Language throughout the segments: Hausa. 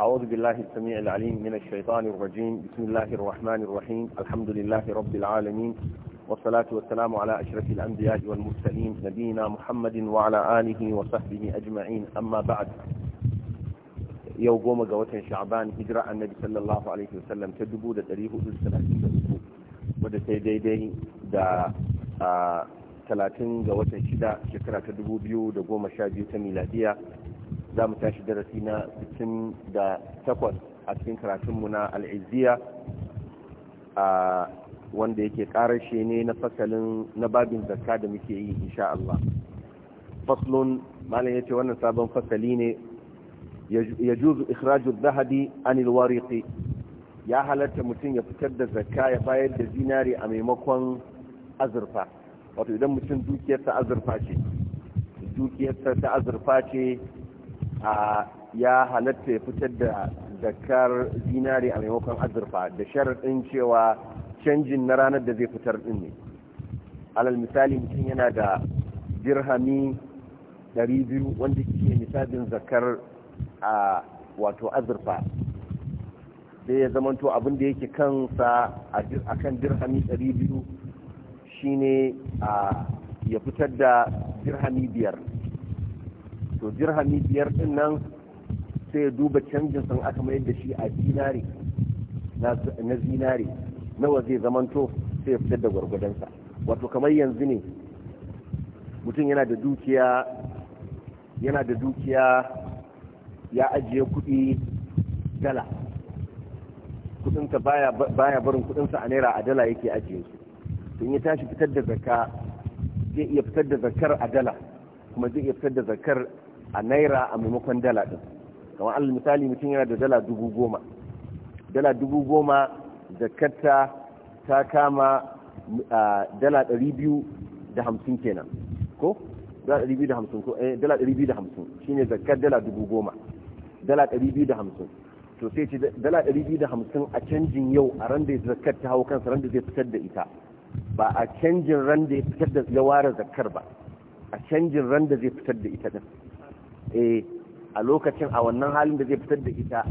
أعوذ بالله السميع العليم من الشيطان الرجيم بسم الله الرحمن الرحيم الحمد لله رب العالمين والصلاة والسلام على أشرف الأنبياء والمرسلين نبينا محمد وعلى آله وصحبه أجمعين أما بعد yau goma ga watan sha'ban hijira annabi sallallahu alaihi wasallam ta 1433 wadda ta daidai da 30 ga watan shida shekara ta 2012 ta miladiya za mu tashi darasi na 68 a cikin karatunmu na Al'aziya. a wanda yake karashe ne na fasalin na babin zakka da muke yi insha Allah faslun malam yace wannan sabon fasali ne yajuzu ikhraju dhahabi anil wariqi ya halatta mutum ya fitar da zakka ya bayar da zinari a maimakon azurfa wato idan mutum dukiyarsa azurfa ce dukiyarsa ta azurfa ce ya halatta ya fitar da zakar zinari a maimakon azurfa da sharaɗin cewa canjin na ranar da zai fitar ɗin ne alal misali mutum yana da dirhami 200 wanda ke misalin zakar a wato azurfa da ya zamanto abin da yake kansa a kan dirhami 200 shine ya fitar da dirhami biyar to dirhami biyar din nan sai ya duba canjin sun aka mayar da shi a dinari na zinari nawa zai zamanto sai ya fitar da gwargwadonsa wato kamar yanzu ne mutum yana da dukiya yana da dukiya ya ajiye kuɗi dala kudinsa baya barin kudinsa a naira a dala yake ajiye su in ya tashi fitar da zakka zai iya fitar da zakkar a dala kuma zai iya fitar da zakkar a naira a maimakon dala ɗin kamar alal misali mutum yana da dala dubu goma dala dubu goma zakarta ta kama dala ɗari biyu da hamsin kenan ko dala ɗari biyu da hamsin ko eh, dala ɗari biyu da hamsin shine zakar dala dubu goma dala ɗari biyu da hamsin to sai ce dala ɗari biyu da hamsin a canjin yau a ran da zakar ta hau kansa ran da zai fitar da ita ba a canjin ran da ya fitar da ya ware zakar ba a canjin ran da zai fitar da ita din eh a lokacin a wannan halin da zai fitar da ita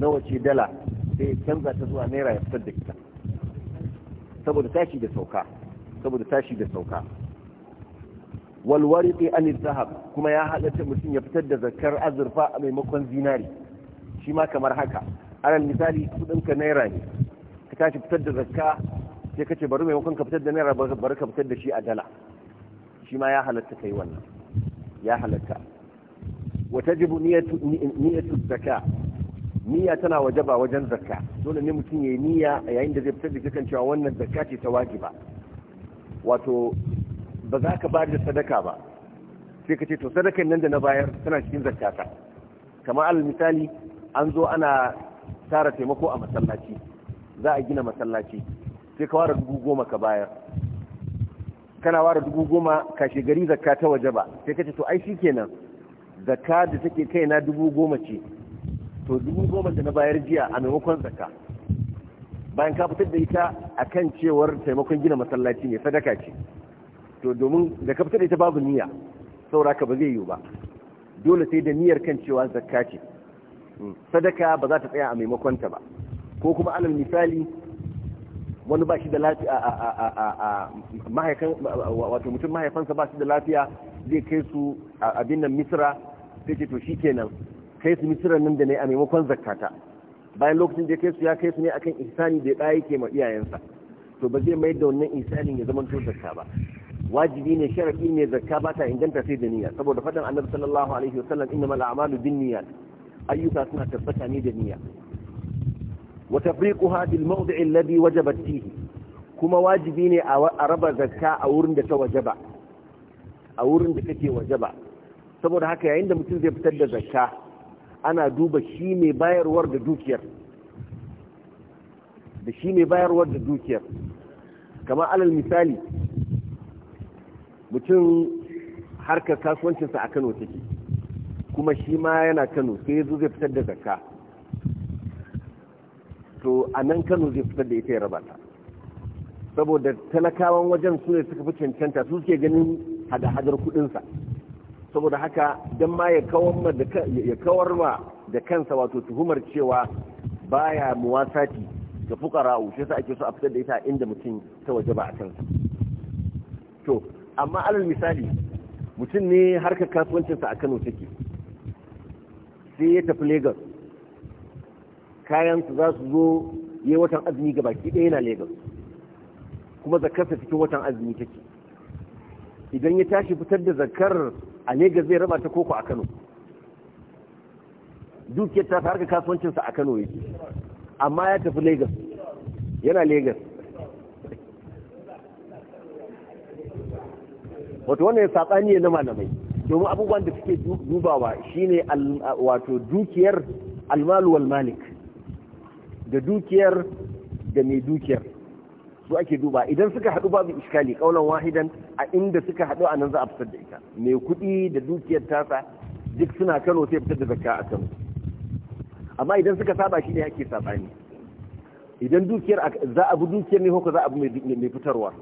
na wace dala sai canza ta zuwa naira ya fitar da ita saboda tashi da sauka saboda tashi da sauka walwariqi an zahab kuma ya halatta mutum ya fitar da zakar azurfa a maimakon zinari shi ma kamar haka alal misali ka naira ne ka tashi fitar da zakka sai ka ce bari maimakon ka fitar da naira bari ka fitar da shi a dala shi ma ya halatta kai wannan ya halatta wa tajibu niyyatu zakka niyya tana wajaba wajen zakka dole ne mutum yayi niyya yayin da zai fitar da kan cewa wannan zakka ce ta wajiba wato ba za ka bada sadaka ba sai ka ce to sadakan nan da na bayar tana cikin zakata kamar alal misali an zo ana tara taimako a masallaci za a gina masallaci sai ka ware dubu goma ka bayar kana ware dubu goma kashe gari zakka ta waje ba sai ka ce to ai shikenan Zaka da take kai na dubu goma ce to dubu goma da na bayar jiya a maimakon zaka, bayan ka fitar da ita a kan cewar taimakon gina masallaci ne sadaka ce to domin da ka fitar da ita babu niyya sauraka ba zai yiwu ba dole sai da niyyar kan cewa zakka ce hmm, sadaka ba za ta tsaya a maimakon ta ba ko kuma alal misali wani ba shi da lafiya a wato mutum mahaifansa ba shi da lafiya zai kai su abin nan misra sai ce to shikenan kai su misiran nan da ne a maimakon zakata bayan lokacin da kai su ya kai su ne akan ihsani da ya yake ma iyayensa to ba zai mai da wannan ihsanin ya zama to zakka ba wajibi ne sharafi ne zakka ba ta inganta sai da niyya saboda faɗin annabi sallallahu alaihi wasallam innamal a'malu binniyat ayyuka suna tabbata ne da niyya wa tafriquha bil mawdi'i alladhi wajabat fihi kuma wajibi ne a raba zakka a wurin da ta wajaba a wurin da take wajaba saboda haka yayin da mutum zai fitar da zakka ana duba shi mai bayarwar da dukiyar da shi mai bayarwar da dukiyar kamar alal misali mutum harkar kasuwancinsa a kano take kuma shi ma yana kano sai zo zai fitar da zakka to a nan kano zai fitar da ita ya rabata saboda talakawan wajen su ne suka fi cancanta su suke ganin hada-hadar kudinsa saboda haka don ma ya kawar ma da kansa wato tuhumar cewa baya muwasati ga fukara'u shi yasa ake so a fitar da ita inda mutum ta waje ba a kansa to amma alal misali mutum ne harkar kasuwancinsa a kano take sai ya tafi lagos kayansu za su zo yi watan azumi ga baki ɗaya na lagos kuma zakarsa cikin watan azumi take idan ya tashi fitar da zakar a Legas zai raba ta koko a Kano dukiyar ta harka kasuwancinsa a Kano yake amma ya tafi lagos yana lagos wato wannan saɓani ya na malamai domin abubuwan da suke dubawa shine wato dukiyar almalu wal malik da dukiyar da mai dukiyar su ake duba idan suka haɗu babu iskali ƙaunar wahidan a inda suka haɗu a nan za a fitar da ita mai kuɗi da dukiyar tasa duk suna kano sai fitar da zakka a kano amma idan suka saba shi ne ake sabani idan dukiyar za a bi dukiyar ne ko za a bi mai fitarwa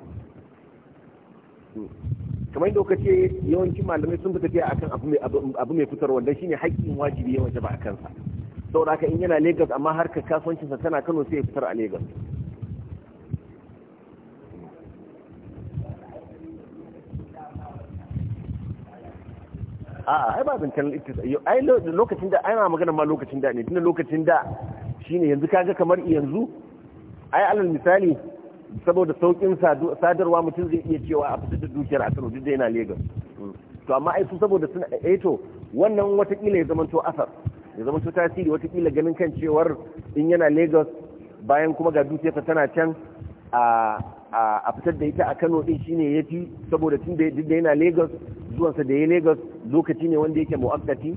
kamar yadda kuka ce yawancin malamai sun fita a kan abu mai fitarwa dan shine haƙƙin wajibi yawanci ba a kansa saboda haka in yana Lagos amma harkar kasuwancinsa tana Kano sai ya fitar a Lagos a'a ai ba zancen ai lokacin magana ma lokacin da ne tunda lokacin da shine yanzu kaga kamar yanzu ai alal misali saboda saukin sadarwa mutum zai iya cewa a fitar da dukiyar a Kano duk yana Lagos mm. to amma ai su saboda suna a eh, eh wannan watakila ya zamanto asar ya zamanto tasiri watakila ganin kan cewar in yana Legas, bayan kuma ga dukiyarsa tana can a a fitar da ita a kano din shine ya fi saboda tun da yana lagos sa da ya lagos lokaci ne wanda yake mu'akkati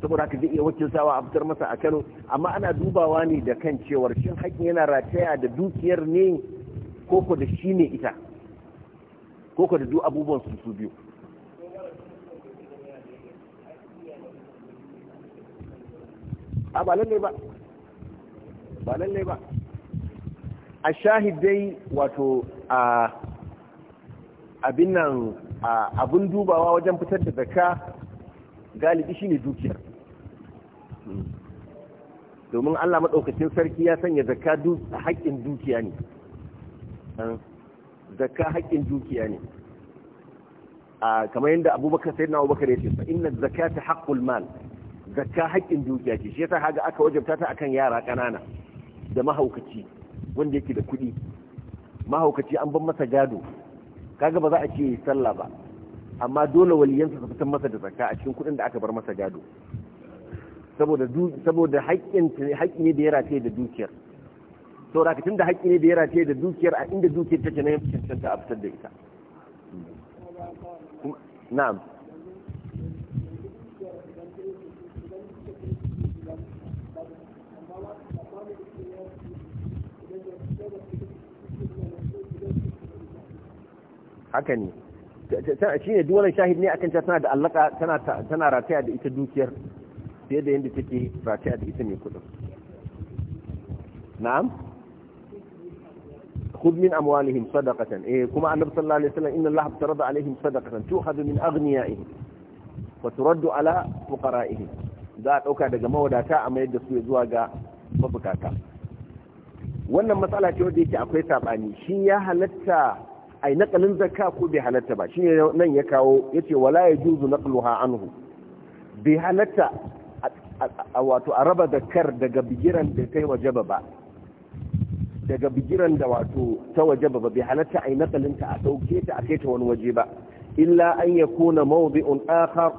saboda haka zai iya wakiltawa a fitar masa a kano amma ana dubawa ne da kan cewar shin hakkin yana rataya da dukiyar ne koko da shi ne ita koko da duk abubuwan su su biyu a ba lallai ba ba lallai ba a shahidai wato a abin nan abin dubawa wajen fitar da zaka galibi shine dukiyar domin Allah maɗaukacin sarki ya sanya zakka haƙƙin dukiya ne zakka haƙƙin dukiya ne kamar yadda abubakar sai na abubakar ya ce fa inna zakata haqqul mal zakka haƙƙin dukiya ce shi yasa haga aka wajabta ta akan yara ƙanana da mahaukaci wanda yake da kuɗi mahaukaci an ban masa gado kaga ba za a ce yi sallah ba amma dole waliyansa su fitan masa da zakka a cikin kuɗin da aka bar masa gado saboda saboda haƙƙi ne da ya rataye da dukiyar saboda ka tunda haƙƙi ne da ya rataye da dukiyar a inda dukiyar take na yancin a fitar da ita na'am haka ne shi ne duwannan shahid ne akan tana da allaka tana rataya da ita dukiyar fiye da yadda take rataya da ita mai kudin na'am خذ من أموالهم صدقة إيه كما النبي صلى الله عليه وسلم إن الله افترض عليهم صدقة تؤخذ من أغنيائهم وترد على فقرائهم ذات أوكا دقا موداتا أما zuwa ga مبكاتا wannan matsala ce wadda yake akwai sabani shi ya halatta ai nakalin zakka ko bai halatta ba shine nan ya kawo yace wala juzu naqluha anhu bai halatta wato a raba zakkar daga bigiran da kai wajaba ba daga bigiran da wato ta wajaba ba bai halatta ai nakalin ta a dauke ta a kai ta wani waje ba illa an yakuna mawdi'un akhar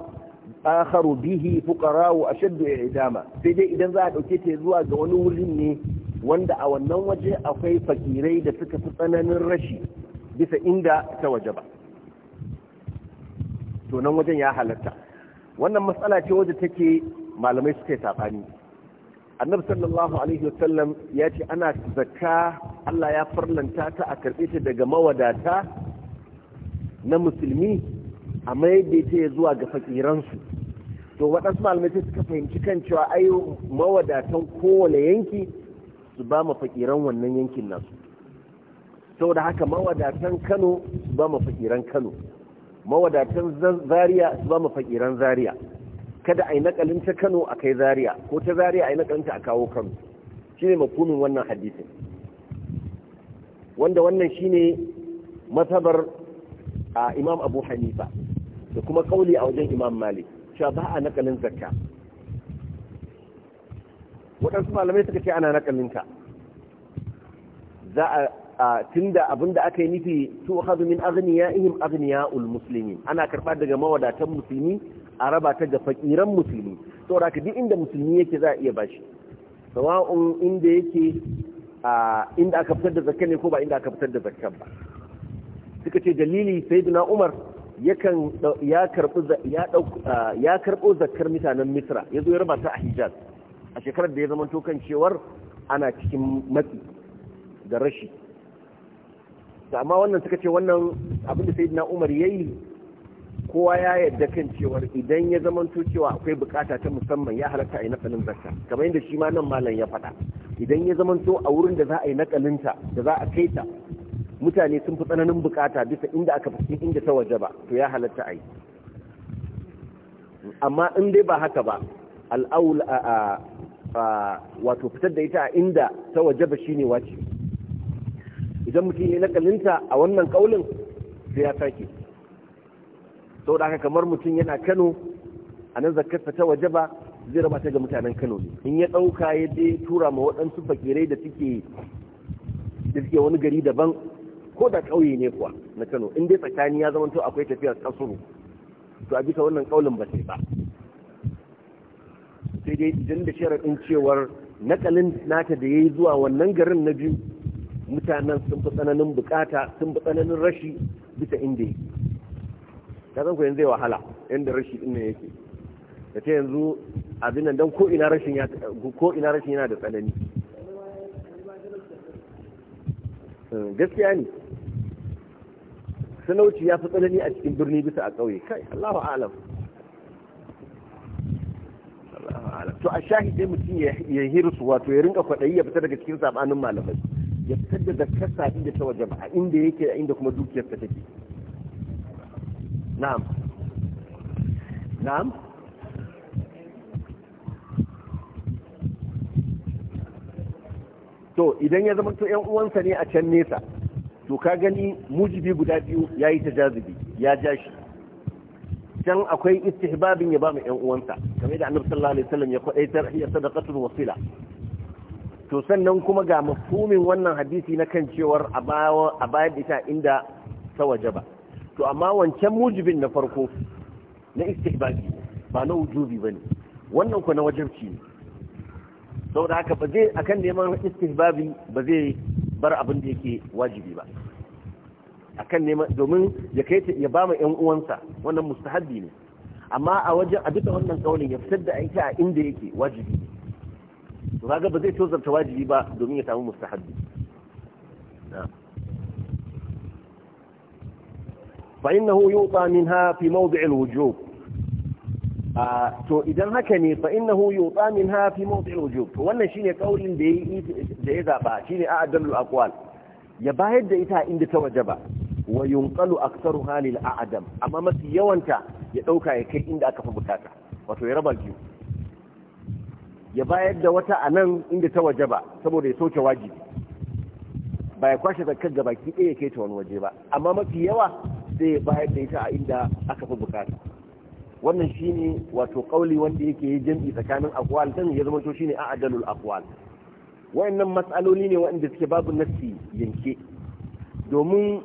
akharu bihi wa ashaddu i'dama sai dai idan za a dauke ta zuwa ga wani wurin ne wanda a wannan waje akwai fakirai da suka fi tsananin rashi bisa inda ta waje ba to wajen ya halatta wannan matsala ce waje take malamai suka yi safani annabi sallallahu alaihi wasallam ya ce ana zakka Allah ya farlanta ta a karɓe ta daga mawadata na musulmi a mai da ta zuwa ga fakiransu to waɗansu malamai sai suka fahimci kan cewa ai mawadatan kowane yanki su ba ma fakiran wannan yankin nasu saboda haka mawadatan kano su ba fakiran kano mawadatan zaria su ba fakiran zaria kada a yi nakalin ta kano a kai zaria ko ta zaria a yi ta a kawo kano shine makumin wannan hadisin wanda wannan shine matabar a imam abu hanifa da kuma kauli a wajen imam malik cewa ba a nakalin zakka waɗansu malamai suka ce ana nakalinta za a tunda abinda aka yi nufi su khadhu min aghniyaihim aghniyaul muslimin ana karba daga mawadatan musulmi a raba ta ga fakiran musulmi saboda ka duk inda musulmi yake za a iya bashi sawa'un inda yake inda aka fitar da zakka ne ko ba inda aka fitar da zakka ba suka ce dalili sayyidina Umar yakan ya karbi ya ya karbo zakkar mutanen Misra yazo ya raba ta a Hijaz a shekarar da ya zama to kan cewar ana cikin matsi da rashi amma wannan suka ce wannan abin da na Umar ya yi kowa ya yarda kan cewar idan ya zama cewa akwai bukata ta musamman ya halatta a yi nakalin zakka kamar yadda shi ma nan malam ya faɗa idan ya zamanto a wurin da za a yi nakalinta da za a kai ta mutane sun fi tsananin bukata bisa inda aka fi inda ta waje ba to ya halatta a yi amma in dai ba haka ba al'aul wato fitar da ita a inda ta waje ba shine wace idan mutum ya nakalinta a wannan kaulin sai ya sake saboda haka kamar mutum yana kano a nan zakarsa ta waje ba zai raba ta ga mutanen kano ne in ya ɗauka ya je tura ma waɗansu fakirai da suke da suke wani gari daban ko da ƙauye ne kuwa na kano in dai tsakani ya zamanto akwai tafiyar kasuru to a bisa wannan kaulin ba sai ba sai dai idan da sharaɗin cewar nakalin nata da ya yi zuwa wannan garin na biyu mutanen sun fi tsananin bukata sun fi tsananin rashi bisa inda yake ta zan kuwa yanzu wahala inda rashi din yake da ta yanzu abin nan don ko ina rashin yana da tsanani hmm, gaskiya ne sanauci ya fi tsanani a cikin birni bisa a ƙauye kai Allahu alam to a shahi dai mutum ya hirsu wato ya rinka kwaɗayi ya fita daga cikin sabanin malamai ya fitar da zakarsa inda ta waje ba inda yake inda kuma dukiyarsa take na'am na'am to idan ya zama to yan uwansa ne a can nesa to ka gani mujibi guda biyu ya yi tajazubi ya ja shi can akwai istihbabin ya ba mu yan uwansa kamar da annabi sallallahu alaihi wasallam ya kwadaitar hiya sadaqatul wasila to sannan kuma ga mafumin wannan hadisi na kan cewar a bayan ita inda ta waje ba to amma wancan mujibin na farko na istihbabi ba na wujubi ba ne. wannan ku na wajibci ne saboda haka ba zai a kan neman istihbabi ba zai bar abin da yake wajibi ba A kan neman domin ya kai ya ba ma yan uwansa wannan mustahabbi ne amma a wajen a duka wannan kaunin, ya fitar da aiki a inda yake wajibi ne to kaga ba zai tozarta wajibi ba domin ya samu mustahabbi fa innahu yuta minha fi mawdi' wujub to idan haka ne fa innahu yuta minha fi mawdi' wujub to wannan shine kaulin da yayi da ya zaba shine a'dalul aqwal ya bayar da ita inda ta wajaba wa yunqalu aktsaruha lil a'dam amma mafi yawanta ya dauka ya kai inda aka fi bukata wato ya raba biyu ya bayar da wata a nan inda ta waje ba saboda ya soke wajibi ba ya kwashe zakar ga baki ɗaya ke ta wani waje ba amma mafi yawa sai ya bayar da ita a inda aka fi bukata wannan shine wato kauli wanda yake yi jam'i tsakanin akwal dan ya zama to shine a'dalul akwal wayannan matsaloli ne waɗanda suke babu nassi yanke domin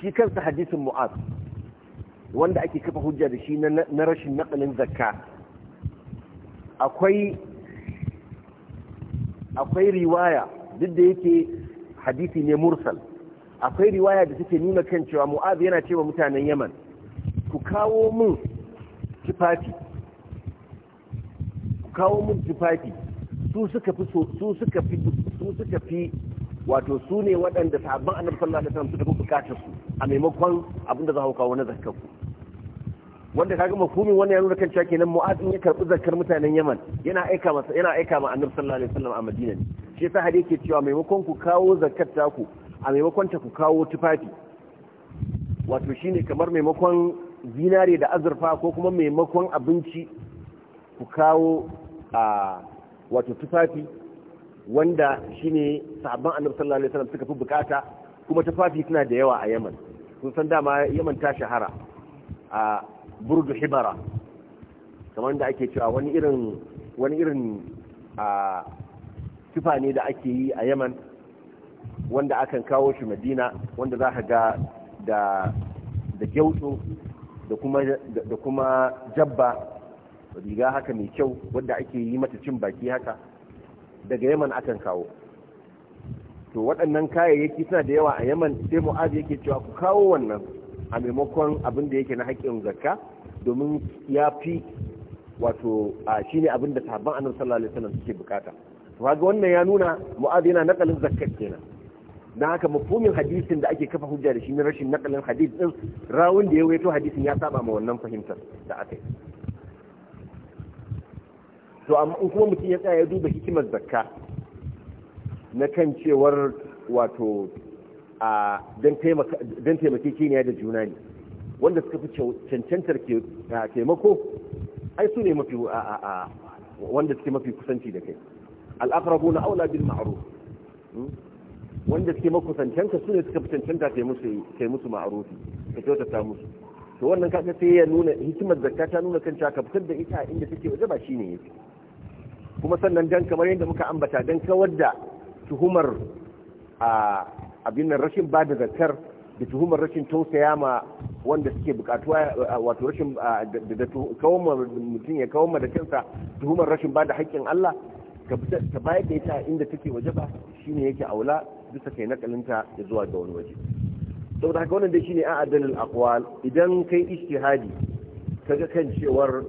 shi kansa hadisin mu'az wanda ake kafa hujja da shi na rashin naƙalin zakka akwai akwai riwaya duk da yake hadisi ne mursal akwai riwaya da suke nuna kan cewa mu'az yana cewa mutanen yaman ku kawo min tufafi ku kawo mun tufafi su suka fi su suka fi su suka fi wato su ne waɗanda sahabban annabi sallallahu alaihi wasallam suka fi bukatar su a maimakon abinda za ku kawo na zakkaku. wanda kaga mafhumin wannan ya nuna kan cewa kenan mu'az in ya karbi zakar mutanen Yaman yana aika masa yana aika ma Annabi sallallahu alaihi wasallam a Madina ne shi yasa hadisi yake cewa maimakon ku kawo zakat ta ku a maimakon ta ku kawo tufafi wato shine kamar maimakon zinare da azurfa ko kuma maimakon abinci ku kawo a wato tufafi wanda shine sahabban Annabi sallallahu alaihi wasallam suka fi bukata kuma tufafi suna da yawa a Yaman kun san dama Yaman ta shahara a burdu hibara kamar da ake cewa wani irin wani irin a tufa ne da ake yi a yaman wanda akan kawo shi madina wanda za ka ga da da gyautu da kuma da kuma jabba riga haka mai kyau wanda ake yi mata cin baki haka daga yaman akan kawo to waɗannan kayayyaki suna da yawa a yaman sai mu'az yake cewa ku kawo wannan a maimakon abin da yake na haƙƙin zakka domin ya fi wato shi ne abin da sabon annan sallallahu alaihi suke bukata to haka wannan ya nuna mu'adh yana nakalin zakka kenan dan haka mafhumin hadisin da ake kafa hujja da shi ne rashin nakalin hadis din rawun da ya waito hadisin ya saba ma wannan fahimtar da aka yi to amma in kuma mutum ya tsaya ya duba hikimar zakka na kan cewar wato a don kiniya da juna ne wanda suka fi cancantar taimako ai su ne mafi wanda suke mafi kusanci da kai al'akarabu na aula bin ma'aru hmm? wanda suke makusantanka su ne suka fi cancanta kai musu kai musu ka kyautata musu to wannan kaga sai ya nuna hikimar zakka ta nuna kan ka fitar da ita inda take waje ba shine yake kuma sannan dan kamar yadda muka ambata dan kawar da tuhumar a abin nan rashin ba da zartar da tuhumar rashin tausaya ma wanda suke bukatuwa wato rashin da kawo mutum ya kawo ma da kansa tuhumar rashin ba da haƙƙin Allah ka bayar da ita inda take waje ba shine yake aula bisa kai nakalinta ya zuwa ga wani waje saboda haka wannan dai ne a adalil aqwal idan kai ka ga kan cewar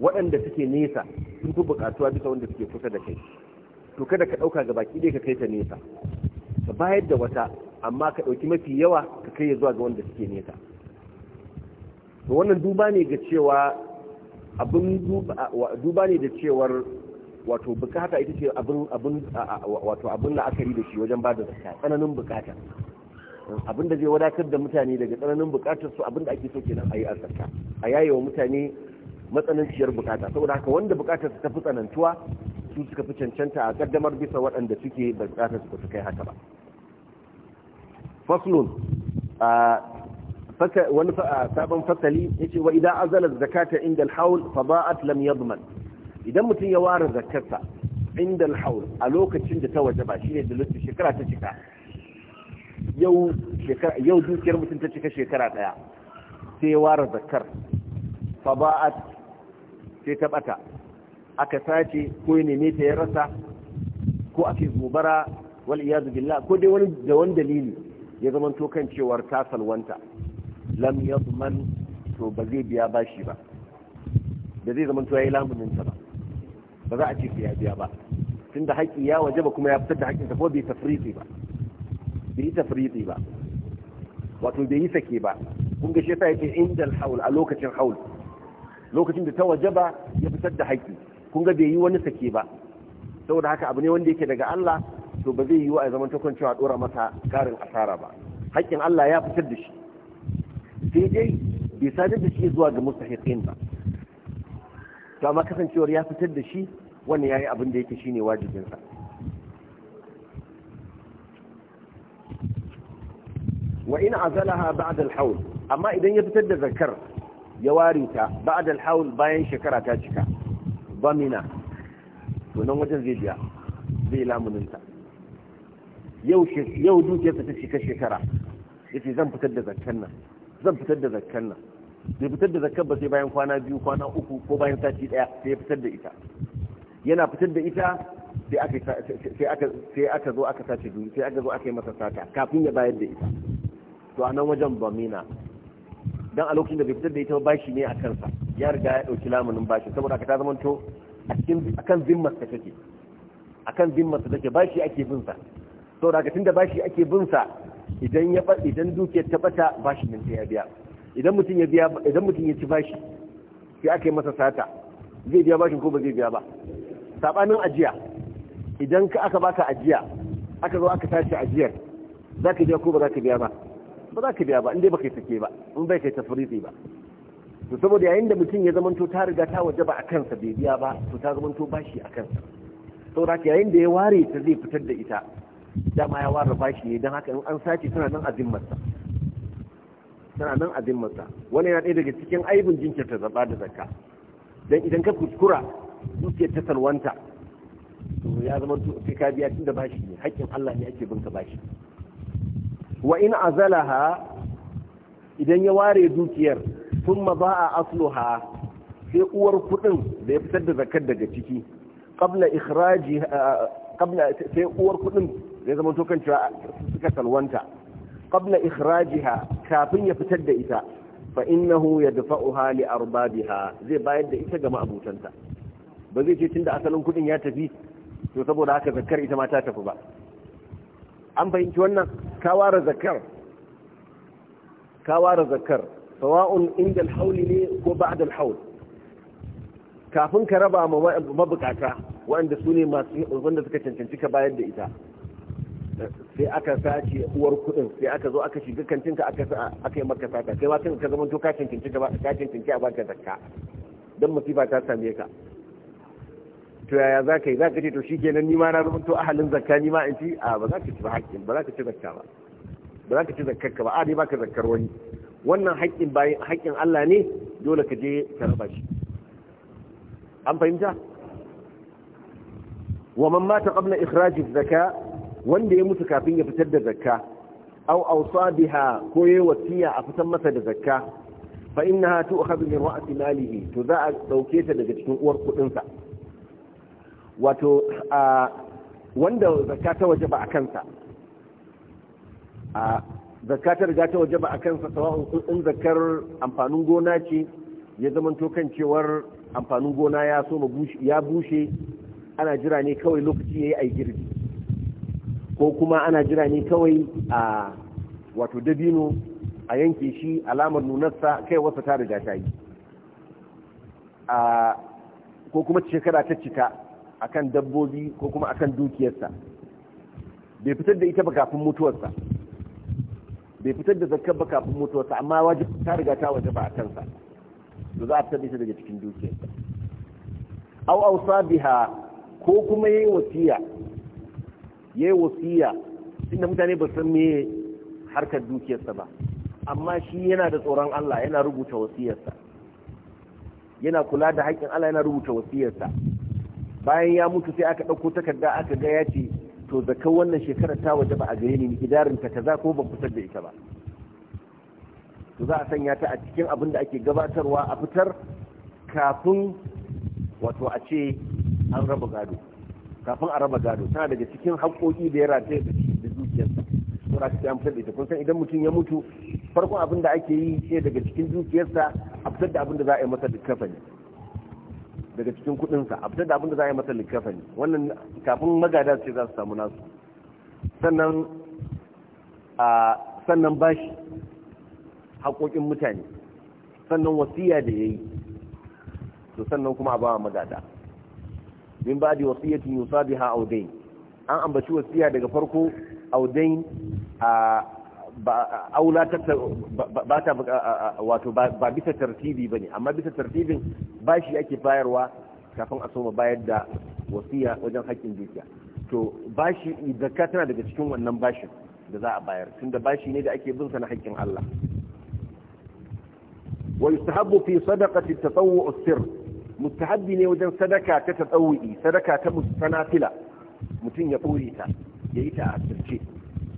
waɗanda suke nesa sun fi bukatuwa bisa wanda suke kusa da kai to kada ka ɗauka ga baki dai ka kai ta nesa ka bayar da wata amma ka ɗauki mafi yawa ka kai ya zuwa ga wanda suke nesa to wannan duba ne ga cewa abin duba ne da cewar wato bukata ita ce abin abin wato abin la'akari da shi wajen bada zakka tsananin bukata abin da zai wadatar da mutane daga tsananin bukatar su abin da ake so kenan a yi zakka a yayi wa mutane matsananciyar bukata saboda haka wanda bukatar su tafi tsanantuwa su suka fi cancanta a kaddamar bisa waɗanda suke bukatar su ba su kai haka ba faslun wani sabon fasali ya ce wa idan azalar zakata inda alhaul fa ba'at lam yadman idan mutum ya ware zakarsa inda alhaul a lokacin da ta waje ba shine da lokacin shekara ta cika yau yau dukiyar mutum ta cika shekara daya sai ya ware zakar fa ba'at sai ta bata aka sace ko ya neme ta ya rasa ko ake gobara wal iyad billah ko dai wani da wani dalili ya zama to kan cewar ta salwanta lam yadman to ba zai biya bashi ba da zai zama to yayi lamunin ba ba za a ce ya biya ba tunda haƙi ya waje ba kuma ya fitar da haƙin sa ko bai tafriti ba bai tafriti ba wato bai yi sake ba kun ga shi yasa yake indal haul a lokacin haul lokacin da ta waje ba ya fitar da haƙi kun ga bai yi wani sake ba saboda haka abu ne wanda yake daga Allah to ba zai yi wa a zaman takon cewa dora masa karin asara ba haƙƙin Allah ya fitar da shi sai dai bai sadar da shi zuwa ga mustahiqin ba to amma kasancewar ya fitar da shi wannan yayi abin da yake shine wajibin sa wa in azalaha ba'da al-hawl amma idan ya fitar da zakar ya ware ta ba'da al-hawl bayan shekara ta cika bamina to nan wajen zai biya zai ta yau dukiyarsa ta shekar shekara ya ce zan fitar da zakkan nan zan fitar da zakkan nan bai fitar da zakkan ba sai bayan kwana biyu kwana uku ko bayan sati daya sai ya fitar da ita yana fitar da ita sai aka sai aka zo aka sace duri sai aka zo aka yi masa sata kafin ya bayar da ita to a nan wajen bamina dan a lokacin da bai fitar da ita ba bashi ne a kansa ya riga ya dauki lamunin bashi saboda ka ta zamanto a cikin akan ta take akan zimmarsa take bashi ake bin sa saboda haka tunda bashi ake binsa idan ya idan duke ta bata bashi nan ya biya idan mutum ya biya idan mutum ya ci bashi sai ake masa sata zai biya bashin ko ba zai biya ba sabanin ajiya idan ka aka baka ajiya aka zo aka tashi ajiyar za ka biya ko ba za ka biya ba ba za ka biya ba inda ba kai sake ba in bai kai tafrizi ba to saboda yayin da mutum ya zamanto ta riga ta waje ba a kansa bai biya ba to ta zamanto bashi a kansa saboda yayin da ya ware ta zai fitar da ita dama ya ware bashi ne don haka in an sace suna nan azimmarsa suna nan azimmarsa wani yana ɗaya daga cikin aibin jinkirta zaba da zakka don idan ka kuskura dukiyar ta salwanta to ya zama sai ka biya tun da bashi ne haƙƙin Allah ne ake binka bashi wa in azalaha idan ya ware dukiyar a aslo asluha sai uwar kuɗin da ya fitar da zakar daga ciki qabla ikhraji ah, qabla sai uwar kuɗin ya zama tokan cewa suka salwanta qabla ikhrajiha kafin ya fitar da ita fa innahu yadfa'uha li arbabiha zai bayar da ita ga ma'abutanta ba zai ce tunda asalin kudin ya tafi to saboda haka zakkar ita ma ta tafi ba an fahimci wannan ka ware zakkar ka ware zakkar sawa'un inda alhawl ne ko ba'da alhawl kafin ka raba ma mabukata waɗanda su ne masu wanda suka cancanci ka bayar da ita sai aka sace uwar kudin sai aka zo aka shiga kantin ka aka yi maka sata kai ma kan ka zama to ka gaba ka cancanci a baka zakka dan musiba ta same ka to yaya za ka yi za ka ce to shi kenan ni ma na zama ahalin zakka ni ma in ci a ba za ka ci ba hakkin ba za ka ci zakka ba ba za ka ci ka ba a dai baka zakkar wani wannan haƙƙin bayan hakkin Allah ne dole ka je ka raba shi an fahimta wa man mata qabla ikhraj az-zaka wanda ya mutu kafin ya fitar da zakka aw awsa biha ko yi wasiya a fitar masa da zakka fa innaha tu'khadhu min ra'si malihi to za a dauke ta daga cikin uwar kudin sa wato wanda zakka ta wajaba a kansa a zakka ta riga ta wajaba a kansa sawa'un in zakkar amfanin gona ce ya zamanto kan cewar amfanin gona ya so ya bushe ana jira ne kawai lokaci yayi ai girbi ko kuma ana jira ne kawai a wato dabino a yanke shi alamar nunarsa kai wasa ta riga ta yi ko kuma shekara ta cika akan dabbobi ko kuma akan dukiyarsa bai fitar da ita ba kafin mutuwarsa bai fitar da zakkar ba kafin mutuwarsa amma wajen ta riga ta waje ba a kansa to za a fitar da ita daga cikin dukiyarsa au au sabiha ko kuma yayin wasiya ya yi wasiya inda mutane ba san meye harkar dukiyarsa ba amma shi yana da tsoron Allah yana rubuta wasiyarsa yana kula da haƙƙin Allah yana rubuta wasiyarsa bayan ya mutu sai aka ɗauko takarda aka ga ya ce to zaka wannan shekarar ta waje ba a gare ni idarin ta kaza ko ban fitar da ita ba to za a sanya ta a cikin abin da ake gabatarwa a fitar kafin wato a ce an raba gado kafin a raba gado tana daga cikin haƙoƙi da ya rataye da shi da dukiyarsa to ra ta amfani da ita kun san idan mutum ya mutu farkon abin da ake yi shi daga cikin dukiyarsa a fitar da abin da za a yi masa likafani daga cikin kuɗinsa a fitar da abin da za a yi masa likafani wannan kafin magada ce za su samu nasu sannan a sannan bashi haƙoƙin mutane sannan wasiya da ya yi to sannan kuma a ba magada min ba'di wasiyatin yusa biha aw an ambaci wasiya daga farko aw a aula ta ba ta wato ba bisa tartibi bane amma bisa tartibin bashi ake bayarwa kafin a soma bayar da wasiya wajen haƙƙin dukiya to bashi zakka tana daga cikin wannan bashin da za a bayar tunda bashi ne da ake bin sa na haƙƙin Allah wa yustahabbu fi sadaqati tatawwu sirr mustahabbi ne wajen sadaka ta tatsawu'i sadaka ta mustanafila mutum ya ɓoye ta ya yi ta a asirce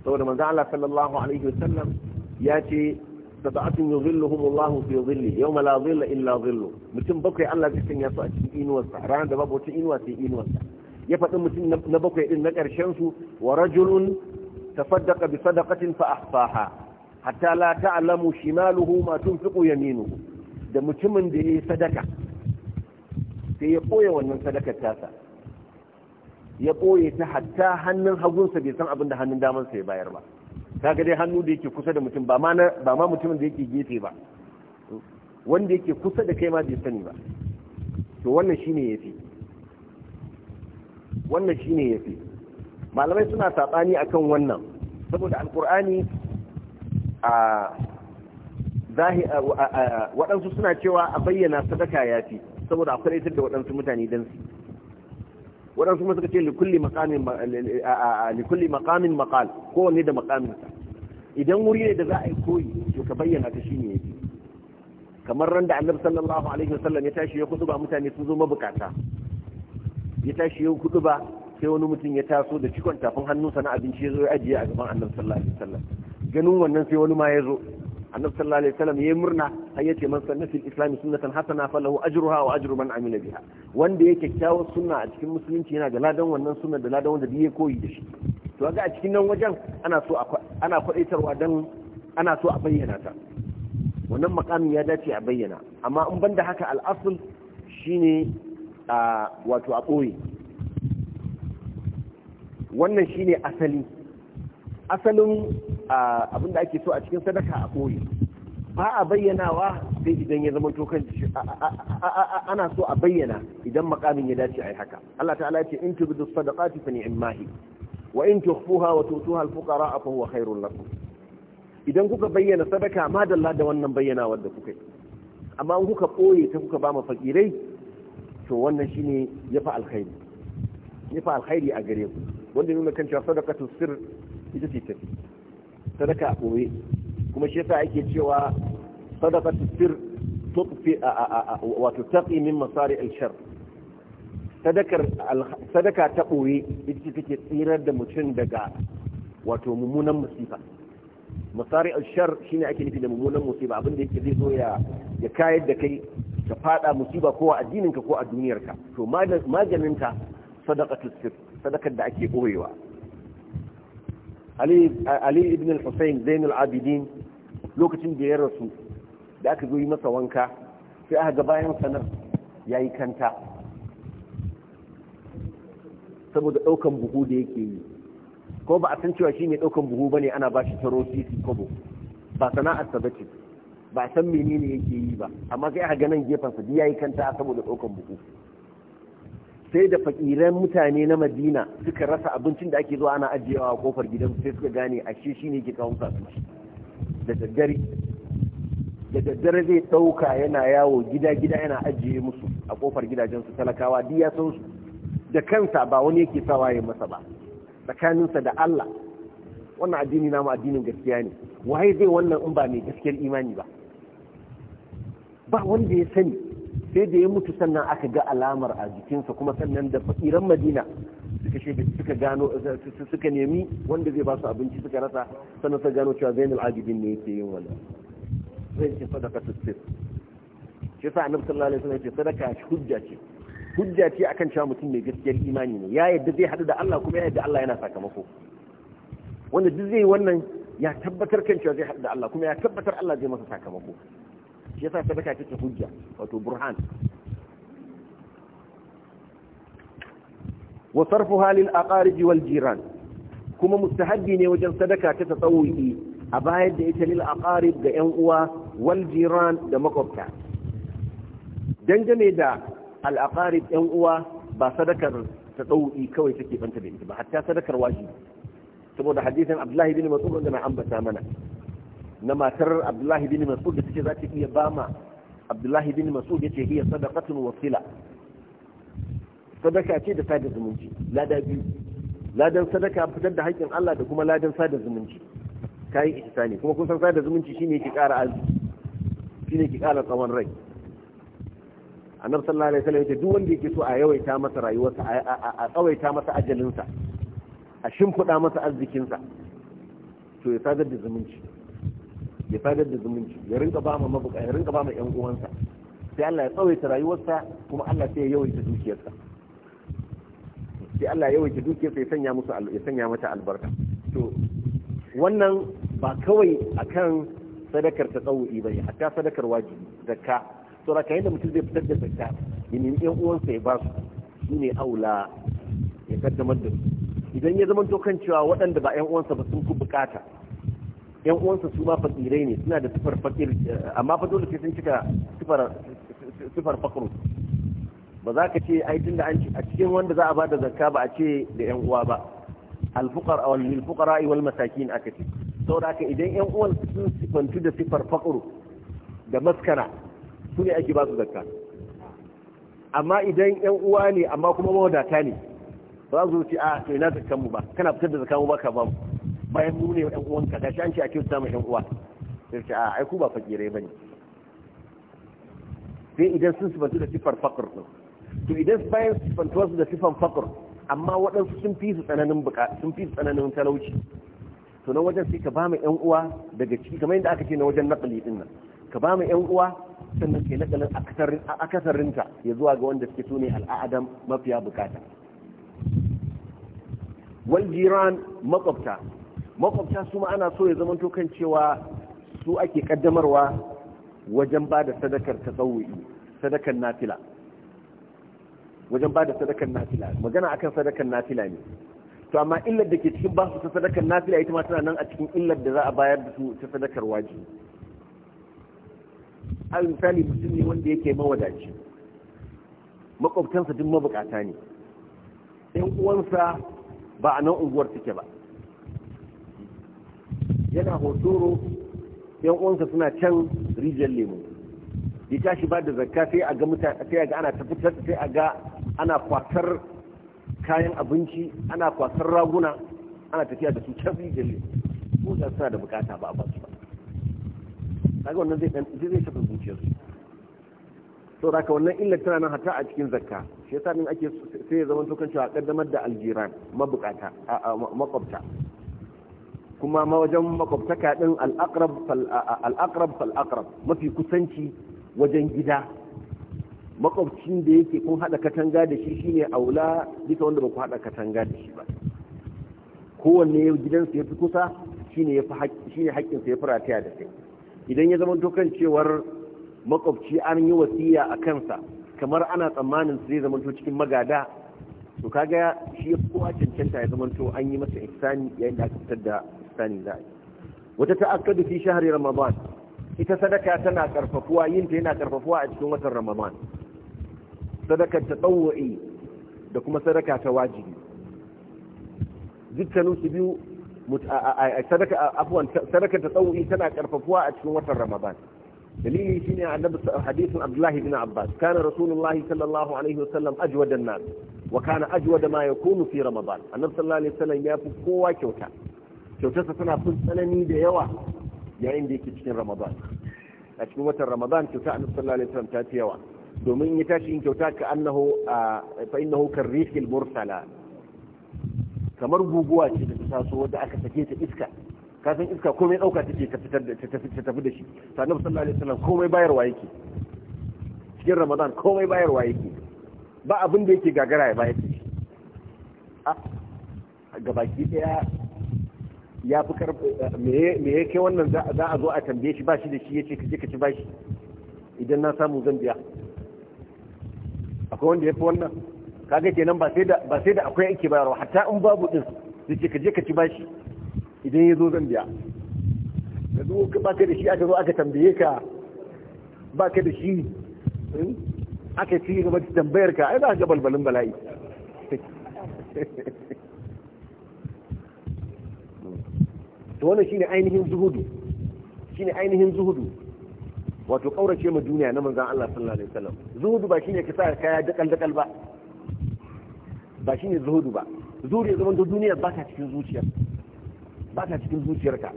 saboda manzo Allah sallallahu alaihi wasallam ya ce sab'atun yuzilluhum Allah fi dhilli yawma la dhilla illa dhillu mutum bakwai Allah zai sanya su a cikin inuwarsa ranar da babu wata inuwa sai inuwarsa ya faɗi mutum na bakwai din na ƙarshen su wa rajulun tafaddaqa bi sadaqatin fa ahsaha hatta la ta'lamu shimaluhu ma tunfiqu yaminuhu da mutumin da ya yi sadaka sai ya ɓoye wannan sadakar tasa ya ɓoye ta hatta hannun hagunsa bai san abin da hannun damansa ya bayar ba kaga dai hannu da yake kusa da mutum ba ma mutumin da yake gefe ba wanda yake kusa da kai ma bai sani ba to wannan shine yafi wannan shine yafi malamai suna sabani akan wannan saboda alqur'ani a waɗansu suna cewa a bayyana sadaka yafi saboda a isar da waɗansu mutane don su waɗansu kuma suka ce likulli makamin makal kowanne da makamin sa idan wuri ne da za a yi koyi to ka bayyana ta shine yake kamar ran da Annabi sallallahu alaihi wasallam ya tashi ya ba mutane sun zo mabukata ya tashi ya ba, sai wani mutum ya taso da cikon tafin hannunsa na abinci ya zo ya ajiye a gaban Annabi sallallahu alaihi wasallam ganin wannan sai wani ma ya zo annabi sallallahu alaihi wasallam yayi murna har yace man sanna fil islam sunnatan hasana falahu ajruha wa ajru man amila biha wanda yake kyakkyawar sunna a cikin musulunci yana da ladan wannan sunna da ladan wanda biye koyi da shi to ga a cikin nan wajen ana so ana kwadaitarwa dan ana so a bayyana ta wannan makamin ya dace a bayyana amma in banda haka al'asul shine a wato a ɓoye wannan shine asali asalin abin da ake so a cikin sadaka a ɓoye ba a bayyanawa sai idan ya zama tokan ana so a bayyana idan makamin ya dace a yi haka Allah ta'ala ce in tubidu sadaqati fa in wa in tukhfuha wa tutuha al-fuqara fa huwa khairun lakum idan kuka bayyana sadaka ma dalla da wannan bayyanawa da kuka yi amma in kuka ɓoye ta kuka ba fakirai to wannan shine ne ya fa alkhairi a gare ku wanda nuna kan cewa sadaqatu sirr ita ce tafi sadaka a ɓoye kuma shi yasa ake cewa sadaka ta sir a wato taƙi min masari alshar sadaka ta ɓoye ita ce take tsirar da mutum daga wato mummunan musifa masari alshar ne ake nufi da mummunan musiba abinda yake zai zo ya kayar da kai ka fada musiba ko a addininka ko a duniyarka to maganinta sadaqatus sir sadakar da ake boyewa ali ibn al husayn zainul abidin lokacin da ya rasu da aka zo yi masa wanka sai aka ga bayan sanar ya kanta saboda ɗaukan buhu da yake yi ko ba a san cewa shine daukan ɗaukan buhu ba ne ana bashi shi kobo ba sana'ar ba bace ba san menene yake yi ba amma sai aka ganin gefansa ya yayi kanta saboda ɗaukan buhu sai da fakiran mutane na madina suka rasa abincin da ake zuwa ana ajiyewa a kofar gidan sai suka gane ashe shi ne ke kawo kasuwa da daddare da daddare zai ɗauka yana yawo gida-gida yana ajiye musu a kofar gidajensu talakawa duk ya san su da kansa ba wani yake sawa ya masa ba tsakaninsa da Allah wannan addini namu addinin gaskiya ne waye zai wannan in ba mai gaskiyar imani ba ba wanda ya sani sai da ya mutu sannan aka ga alamar a jikinsa kuma sannan da fakiran madina suka shiga suka gano suka nemi wanda zai ba su abinci suka rasa sannan suka gano cewa zainul abidin ne yake yin wannan zai ce sadaka sir shi sa annabi sallallahu alaihi wasallam ce sadaka hujja ce hujja ce akan cewa mutum mai gaskiyar imani ne ya yadda zai hadu da Allah kuma ya yadda Allah yana sakamako wanda duk zai wannan ya tabbatar kan cewa zai hadu da Allah kuma ya tabbatar Allah zai masa sakamako shi yasa sadaka take hujja wato burhan wa sarfuha lil aqarib wal jiran kuma mustahabbi ne wajen sadaka ta tsawuyi a bayar da ita lil aqarib ga yan uwa wal jiran da makwabta dangane da al aqarib yan uwa ba sadakar tsawuyi kawai take banta da ita ba hatta sadakar wajibi saboda hadisin Abdullahi bin Mas'ud da na ambata mana na matar abdullahi bin mas'ud da take za ta iya ba ma abdullahi bin mas'ud iya hiya wa wasila sadaka ce da sada zumunci lada biyu ladan sadaka fitar da haƙƙin Allah da kuma ladan sada zumunci kai ne kuma kun san sada zumunci shine ki ƙara arziki shine ki ƙara tsawon rai annabi sallallahu alaihi wasallam yace duk wanda yake so a yawaita masa rayuwarsa a tsawaita masa ajalinsa a shimfiɗa masa arzikinsa to ya sadar da zumunci ya sadar da zumunci ya rinka ba ma mabuka ya rinka ba ma yan uwansa sai Allah ya tsawaita rayuwarsa kuma Allah sai ya yawaita dukiyarsa sai Allah ya yawaita dukiyarsa ya sanya musu ya sanya mata albarka to wannan ba kawai akan sadakar ta tsawo'i bane hatta sadakar wajibi zakka to raka yadda mutum zai fitar da zakka ya nemi yan uwansa ya ba su shine aula ya kaddamar da su idan ya zama to kan cewa waɗanda ba yan uwansa ba sun ku bukata yan uwansa su ma fakirai ne suna da sifar fakir amma fa dole sai sun cika sifar sifar fakir ba za ka ce ai tunda an a cikin wanda za a ba da zakka ba a ce da yan uwa ba alfuqara wal fuqara wal masakin aka ce saboda haka idan yan uwan sun sifantu da sifar fakir da maskara su ne ake ba su zakka amma idan yan uwa ne amma kuma mawadata ne ba za su ce a to ina zakkan mu ba kana fitar da zakkan mu ba ka ba mu bayan nune wa ɗan uwanka da shanci a kyauta mashin uwa sai ce a ai ba fakirai sai idan sun sifantu da sifar fakir su to idan bayan sifantuwa su da sifan fakir amma waɗansu sun fi su tsananin buka sun fi su tsananin talauci to na wajen sai ka ba mu ƴan uwa daga ciki kamar yadda aka ce na wajen naƙali ɗin nan ka ba mu ƴan uwa sannan ke naƙalin akasarinta ya zuwa ga wanda suke sune al'adam mafiya bukata wal jiran makwabta makwabta su ma ana so ya zama tokan kan cewa su ake kaddamarwa wajen ba da sadakar tasawu'i sadakar nafila wajen ba da sadakar nafila magana akan sadakar nafila ne to amma illar da ke cikin ba su ta sadakar nafila ita ma tana nan a cikin illar da za a bayar da su ta sadakar wajibi al misali mutum ne wanda yake mawadaci makwabtansa duk mabukata ne ɗan uwansa ba a nan unguwar suke ba yana hotoro yan uwansa suna can rijiyar lemu ya tashi ba da zakka sai a ga sai a ga ana tafitar sai a ga ana kwasar kayan abinci ana kwasar raguna ana tafiya da su can rijiyar lemu ko da suna da bukata ba a ba su ba kaga wannan zai zai shafa zuciyarsu sau da wannan illar tana nan hata a cikin zakka shi yasa ne ake sai ya zama to kan cewa kaddamar da aljiran mabukata makwabta kuma ma wajen makwabtaka ɗin al'akrab fal'akrab mafi kusanci wajen gida makwabcin da yake kun haɗa katanga da shi shine aula bisa wanda ba ku haɗa katanga da shi ba kowanne gidansa ya fi kusa shi ne shine haƙƙinsa ya fi rataya da kai idan ya zama kan cewar makwabci an yi wasiya a kansa kamar ana tsammanin su zai zama cikin magada to kaga shi kowa cancanta ya zamanto an yi masa ihsani yayin da aka fitar da ihsani da a wata ta'akkadu fi shahri ramadan ita sadaka tana karfafuwa yin ta yana karfafuwa a cikin watan ramadan Sadaka ta tawwa'i da kuma sadaka ta wajibi dukkanin su biyu sadaka afwan ta tawwa'i tana karfafuwa a cikin watan ramadan دليل يجيني أدب حديث عبد الله بن عباس كان رسول الله صلى الله عليه وسلم أجود الناس وكان أجود ما يكون في رمضان النبي صلى الله عليه وسلم يأفو قوة كوتا كوتا سنة كل سنة نيدة يوا يعين دي كتشين رمضان أتمنى رمضان كوتا النبي صلى الله عليه وسلم تاتي يوا دومين يتاشي إن كوتا كأنه آه، فإنه كالريح المرسلة كمربو قوة كتشاسو ودعك سكيت إسكا Kafin iska komai dauka take ta fitar da ta tafi da shi to annabi sallallahu alaihi wasallam komai bayarwa yake cikin ramadan komai bayarwa yake ba abin da yake gagara ya bayar shi a gabaki daya ya fi karfi me ya kai wannan za a zo a tambaye shi ba shi da shi ya ce ka je ka ci bashi idan na samu zan biya akwai wanda ya fi wannan kaga kenan ba sai da akwai yake bayarwa hatta in babu din zai ce ka je ka ci bashi idan ya zo zan biya da zo ka baka da shi aka zo aka tambaye ka baka da shi hmm, aka ci gaba da tambayar ka ai ba ga balbalin bala'i to wannan shine ainihin zuhudu shine ainihin zuhudu wato kaurace ma duniya na manzon Allah sallallahu alaihi wasallam zuhudu ba shine ka sa kaya dakal dakal ba ba shine zuhudu ba zuhudu ya zama duniya ba ta cikin zuciyarka ba ta cikin zuciyarka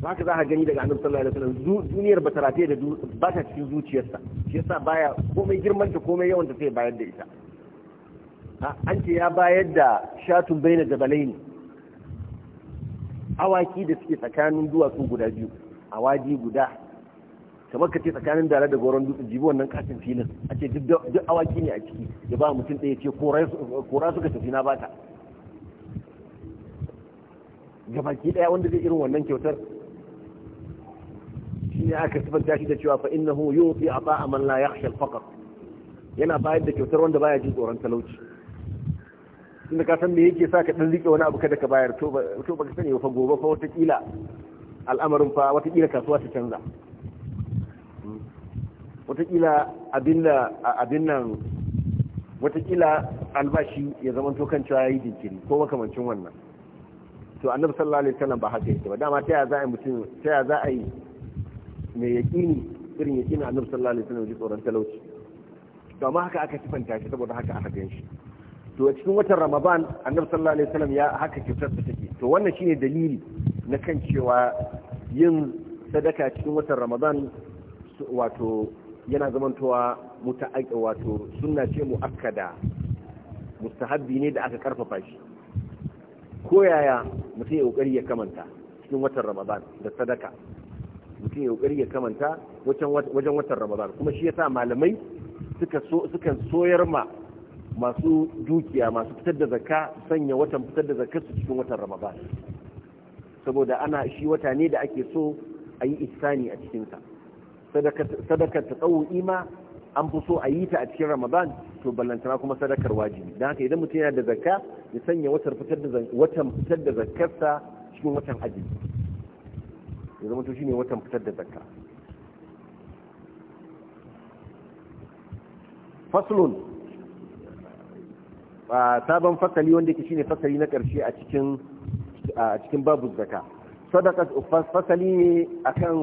ba ka za ka gani daga annabi sallallahu alaihi wasallam duniyar ba ta da ba ta cikin zuciyarsa shi yasa baya komai girman ta komai yawan da sai bayar da ita an ce ya bayar da shatun baina ne awaki da suke tsakanin duwatsu guda biyu awaji guda kamar ka ce tsakanin dala da goron dutse jibi wannan katin filin a ce duk awaki ne a ciki ya ba mutum ɗaya ce kora suka tafi na bata gabaki daya wanda zai irin wannan kyautar shi ne aka sifanta shi da cewa fa innahu yuti ata'a man la yakhsha faqat yana bayar da kyautar wanda baya jin tsoron talauci inda ka san me yake sa ka dan rike wani abu kada ka bayar to to baka sani fa gobe fa wata kila al'amarin fa wata kila kasuwa ta canza wata kila abinda abin nan wata kila albashi ya zama to kan cewa yayi jinkiri ko makamancin wannan to annabi sallallahu alaihi wasallam ba haka yake ba dama ta ya za a mutum ta ya za a yi mai yaƙini irin yaƙinin annabi sallallahu alaihi wasallam ji tsoron talauci to amma haka aka sifanta shi saboda haka aka gan shi to a cikin watan ramadan annabi sallallahu alaihi wasallam ya haka kyautar ta take to wannan shine dalili na kan cewa yin sadaka cikin watan ramadan wato yana zamantowa aiki wato sunna ce muakkada mustahabbi ne da aka karfafa shi ko yaya mutum ya ƙoƙari ya kamanta cikin watan ramadan da sadaka mutum ya ƙoƙari ya kamanta wajen watan ramadan kuma shi yasa malamai suka sukan soyar ma masu dukiya masu fitar da zakka sanya watan fitar da zakka su cikin watan ramadan saboda ana shi wata ne da ake so a yi isani a cikinsa sadaka ta tsawo ima an fi so a yi ta a cikin ramadan to ballantana kuma sadakar wajibi don haka idan mutum yana da zakka ya sanya watan fitar da watan fitar da zakkarsa cikin watan haji ya zama to shine watan fitar da zakka faslun sabon fasali wanda yake shine fasali na karshe a cikin a cikin babu zakka sadaka fasali akan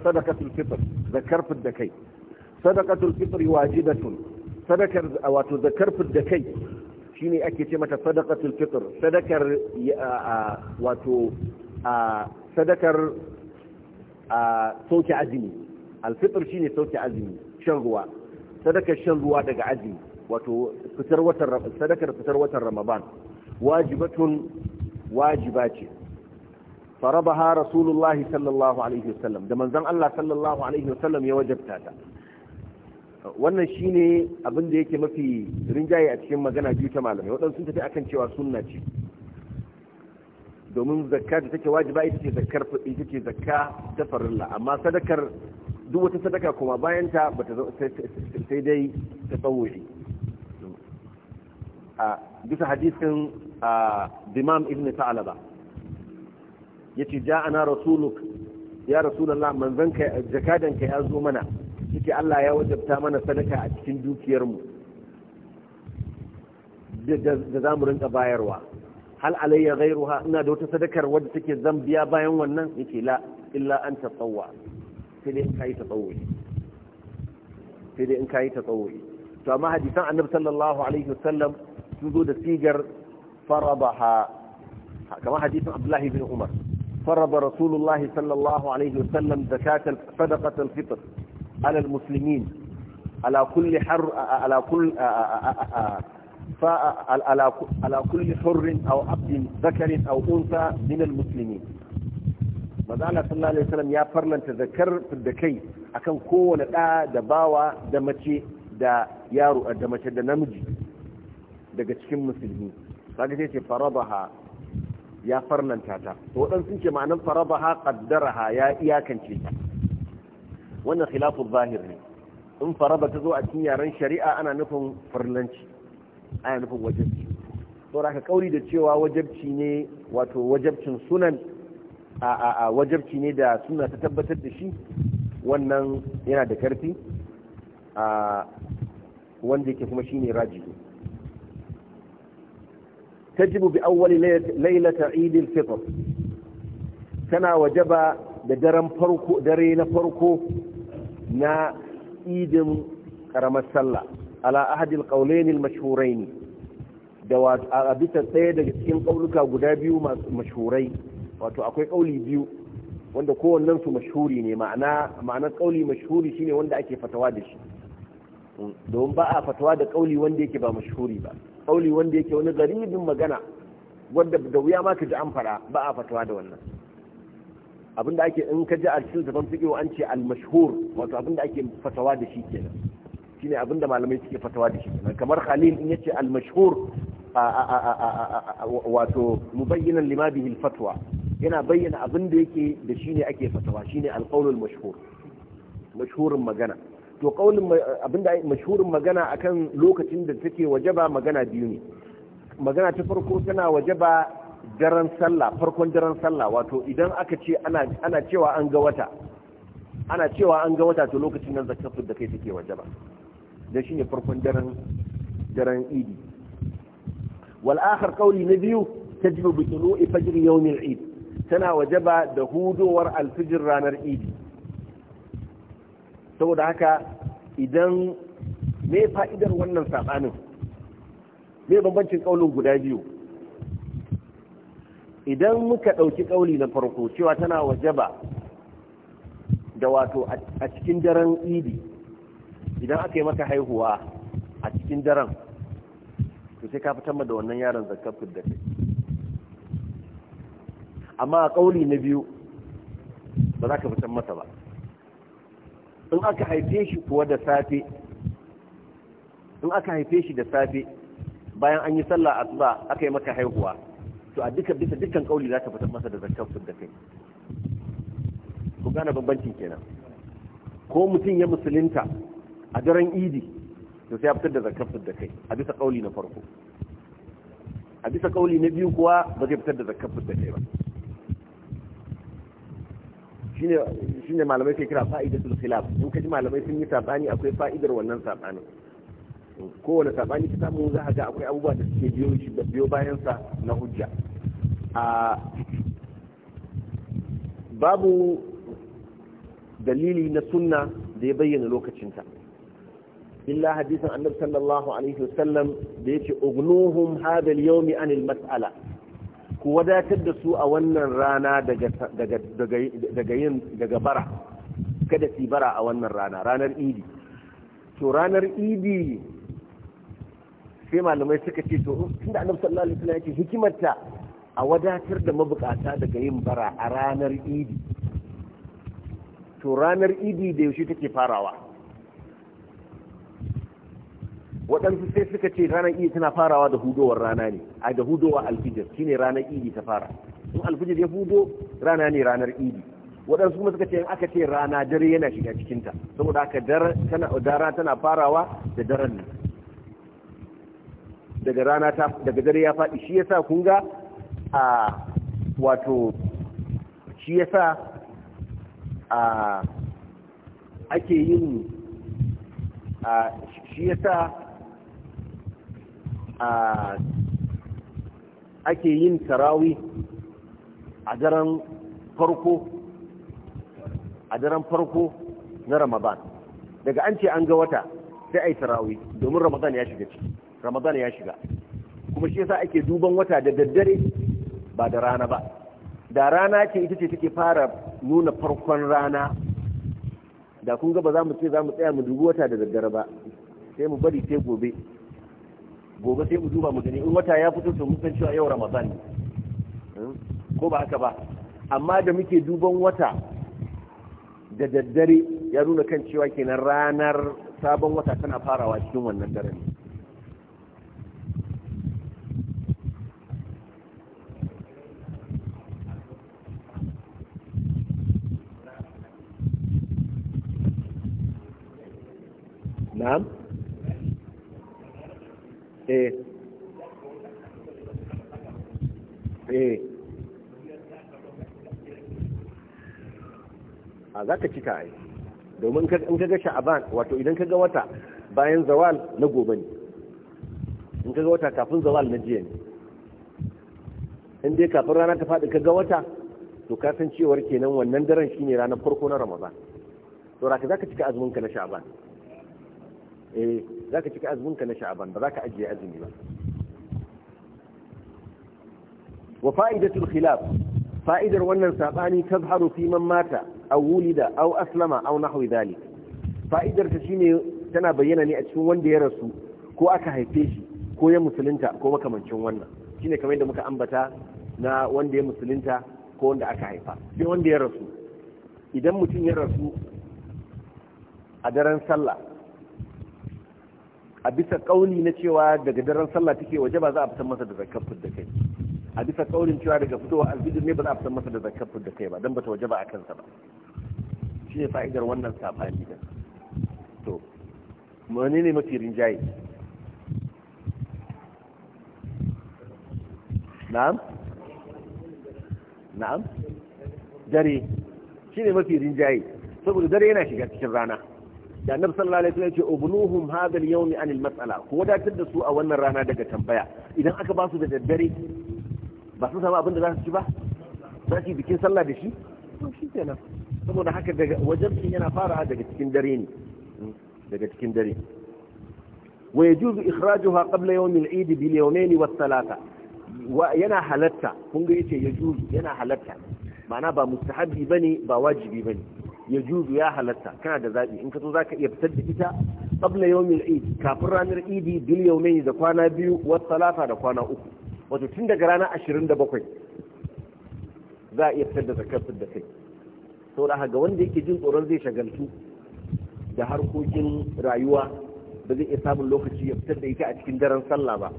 sadaqatul fitr zakar da kai sadaqatul fitri wajibatun sadakar wato zakar da kai shine ake ce mata sadaqatul fitr sadakar wato sadakar sauke azumi alfitr shine sauke azumi shan ruwa sadakar shan ruwa daga azumi wato fitar watan sadakar fitar watan ramadan wajibatun wajiba ce farabaha rasulullahi sallallahu alaihi wasallam da manzon Allah sallallahu alaihi wasallam ya wajabta ta wannan shine abin da yake mafi rinjaye a cikin magana biyu ta malamai waɗansu tafi akan cewa sunna ce domin zakka da take wajiba ita ce zakkar ita ce zakka ta farilla amma sadakar duk wata sadaka kuma bayan ta bata sai dai ta tsawuri a bisa hadisin Imam Ibn Ta'alaba yace ja'ana rasuluk ya rasulullah manzanka jakadanka ya zo mana suke Allah ya wajabta mana sadaka a cikin dukiyarmu da za mu rinka bayarwa hal alayya ghairuha ina da wata sadakar wadda take zan biya bayan wannan yake la illa an tatawwa sai dai in kai tatawwi sai dai in kai tatawwi to amma hadisan annabi sallallahu alaihi wasallam sun zo da sigar farabaha kamar hadisin abdullahi bin umar فرض رسول sallallahu alaihi الله عليه وسلم زكاة على المسلمين على كل حر على كل على كل حر أو عبد maza Allah sallallahu alaihi wasallam ya farlanta zakar da kai akan kowane ɗa da bawa da mace da yaro da mace da namiji daga cikin musulmi kaga sai ce farabaha ya farlanta ta to wadan sun ce ma'anar farabaha qaddaraha ya iyakance ta wannan khilafu zahir ne in faraba ta zo a cikin yaren shari'a ana nufin farlanci ana nufin wajabci to ka kauri da cewa wajabci ne wato wajabcin sunan a a a wajabci ne da suna ta tabbatar da shi wannan yana da karfi a wanda yake kuma shine rajihi tajibu bi awwali laylata eid al-fitr tana wajaba da daren farko dare na farko na idin karamar sallah ala ahadil qawlayn al mashhurayn da a bisa tsaye daga cikin kauluka guda biyu masu mashhurai wato akwai kauli biyu wanda kowannen su mashhuri ne ma'ana ma'anar kauli mashhuri shine wanda ake fatawa da shi mm, domin ba a fatawa da kauli wanda yake ba mashhuri ba kauli wanda yake wani garibin magana wanda da wuya ma ka ji an fara ba a fatawa da wannan abinda ake in ka ji a cikin zaman fiƙo an ce al-mashhur wato abinda ake fatawa da shi kenan shine abinda malamai suke fatawa da shi kenan kamar Khalil in yace al-mashhur wato mubayyinan lima bihi al-fatwa yana bayyana abinda yake da shine ake fatawa shine al-qawl al-mashhur mashhurin magana to qaulin abinda mashhurin magana akan lokacin da take wajaba magana biyu ne magana ta farko tana wajaba daren sallah farkon daren sallah wato idan aka ce ana cewa an ga wata ana cewa an ga wata to lokacin nan zakatul da kai take wajaba dan shine farkon daren daren idi wal akhir qawli na biyu tajibu bi tulu'i fajr yawm al id tana wajaba da hudowar al fajr ranar idi saboda haka idan me fa'idar wannan sabanin me bambancin kaulin guda biyu idan muka ɗauki ƙauli na farko cewa tana wajaba da wato a cikin daren idi idan aka yi maka haihuwa a cikin daren to sai ka fitar da wannan yaron zakafin da kai amma a ƙauli na biyu ba za ka fitar masa ba in aka haife shi kuwa da safe in aka haife shi da safe bayan an yi sallah asuba aka yi maka haihuwa to a duka bisa dukkan kauli za ka fitar masa da zakar da kai ku gane bambancin kenan ko mutum ya musulunta a daren idi to sai ya fitar da zakar da kai a bisa kauli na farko a bisa kauli na biyu kuwa ba zai fitar da zakar da kai ba shine malamai ke kira fa'idatul khilaf in kaji malamai sun yi sabani akwai fa'idar wannan sabanin kowane sabani ta samu za a ga akwai abubuwa da suke biyo shi biyo bayansa na hujja a babu dalili na sunna da ya bayyana lokacinta illa hadisin annabi sallallahu alaihi wasallam da yace ugnuhum hada al an anil mas'ala ku wadatar da su a wannan rana daga daga daga yin daga bara kada su bara a wannan rana ranar idi to ranar idi sai malamai suka ce to tunda annabi sallallahu alaihi wasallam yake hikimarta a wadatar da mabukata daga yin bara a ranar idi to ranar idi da yaushe take farawa waɗansu sai suka ce ranar idi tana farawa da hudowar rana ne a da hudowar alfijir shine ranar idi ta fara in alfijir ya hudo rana ne ranar idi waɗansu kuma suka ce in aka ce rana dare yana shiga cikinta saboda aka dara tana farawa da daren nan daga rana ta daga dare ya faɗi shi yasa kun ga a wato shi yasa a ake yin a shi yasa a ake yin tarawi a daren farko a daren farko na ramadan daga an ce an ga wata sai a yi tarawi domin ramadan ya shiga ciki ramadan ya shiga kuma shi yasa ake duban wata da daddare ba da rana ba da rana ce ita ce take fara nuna farkon rana da kun ga ba za mu ce za mu tsaya mu dubi wata da daddare ba sai mu bari sai gobe gobe sai mu duba mu gani in wata ya fito to mun san cewa yau ramadan ne hmm? ko ba haka ba amma da muke duban wata da daddare ya nuna kan cewa kenan ranar sabon wata tana farawa cikin wannan dare ne eh eh a za ka cika ai domin in ka ga sha'aban wato idan ka ga wata bayan zawal na gobe ne in ka ga wata kafin zawal na jiya ne in dai kafin rana ta faɗi ka ga wata to ka san cewar kenan wannan daren shine ranar farko na ramadan to raka za ka cika azumin ka na sha'aban eh za ka cika ka na sha'aban ba za ka ajiye azumi ba wa fa'idatul khilaf fa'idar wannan sabani tazharu fi man mata aw wulida aw aslama aw nahwi dhalik fa'idar ta shine tana bayyana ne a cikin wanda ya rasu ko aka haife shi ko ya musulunta ko makamancin wannan shine kamar yadda muka ambata na wanda ya musulunta ko wanda aka haifa sai wanda ya rasu idan mutum ya rasu a daren sallah a bisa kauli na cewa daga daren sallah take waje ba za a fitar masa da zakar da kai a bisa kaulin cewa daga fitowa alfijir ne ba za a fitar masa da zakar da kai ba dan bata waje ba a kansa ba shi ne fa'idar wannan sabani da to mene ne mafi rinjaye na'am na'am dare shi ne mafi rinjaye saboda dare yana shiga cikin rana da annabi sallallahu alaihi wasallam ya ce ubnuhum hadha al-yawm an al-mas'ala ko wadatar da su a wannan rana daga tambaya idan aka ba su da daddare ba sun samu abin da za su ci ba za su yi bikin sallah da shi to shi kenan saboda haka daga wajen yana fara daga cikin dare ne hmm, daga cikin dare wa yajuzu ikhrajuha qabla yawm al-eid bi yawmayn wa thalatha yana halatta kun ga yace yajuzu yana halatta ma'ana ba mustahabi bane ba wajibi bane ya juzu ya halatta kana da zaɓi in ka so zaka iya fitar da ita qabla yawmil eid kafin ranar idi bil yawmayn da kwana biyu wa salata da kwana uku wato tun daga da 27 za a iya fitar da zakar da kai da haka wanda yake jin tsoron zai shagaltu da harkokin rayuwa ba zai iya samun lokaci ya fitar da ita a cikin daren sallah ba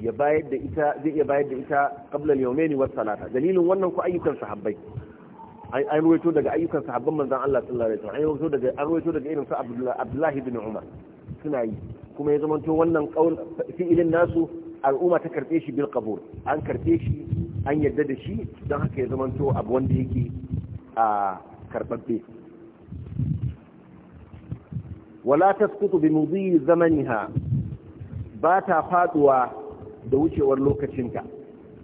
ya bayar da ita zai iya bayar da ita qabla al-yawmayn wa salata dalilin wannan ku ayyukan sahabbai an ruwaito daga ayyukan sahabban manzan Allah sallallahu alaihi wasallam an ruwaito daga daga irin sa Abdullahi bin Umar suna yi kuma ya zamanto wannan kaul fi'ilin nasu al'umma ta karbe shi bil qabul an karbe shi an yadda da shi don haka ya zamanto abu wanda yake a karbabbe wala tasqutu bi mudhi zamaniha ba ta faduwa da wucewar lokacinta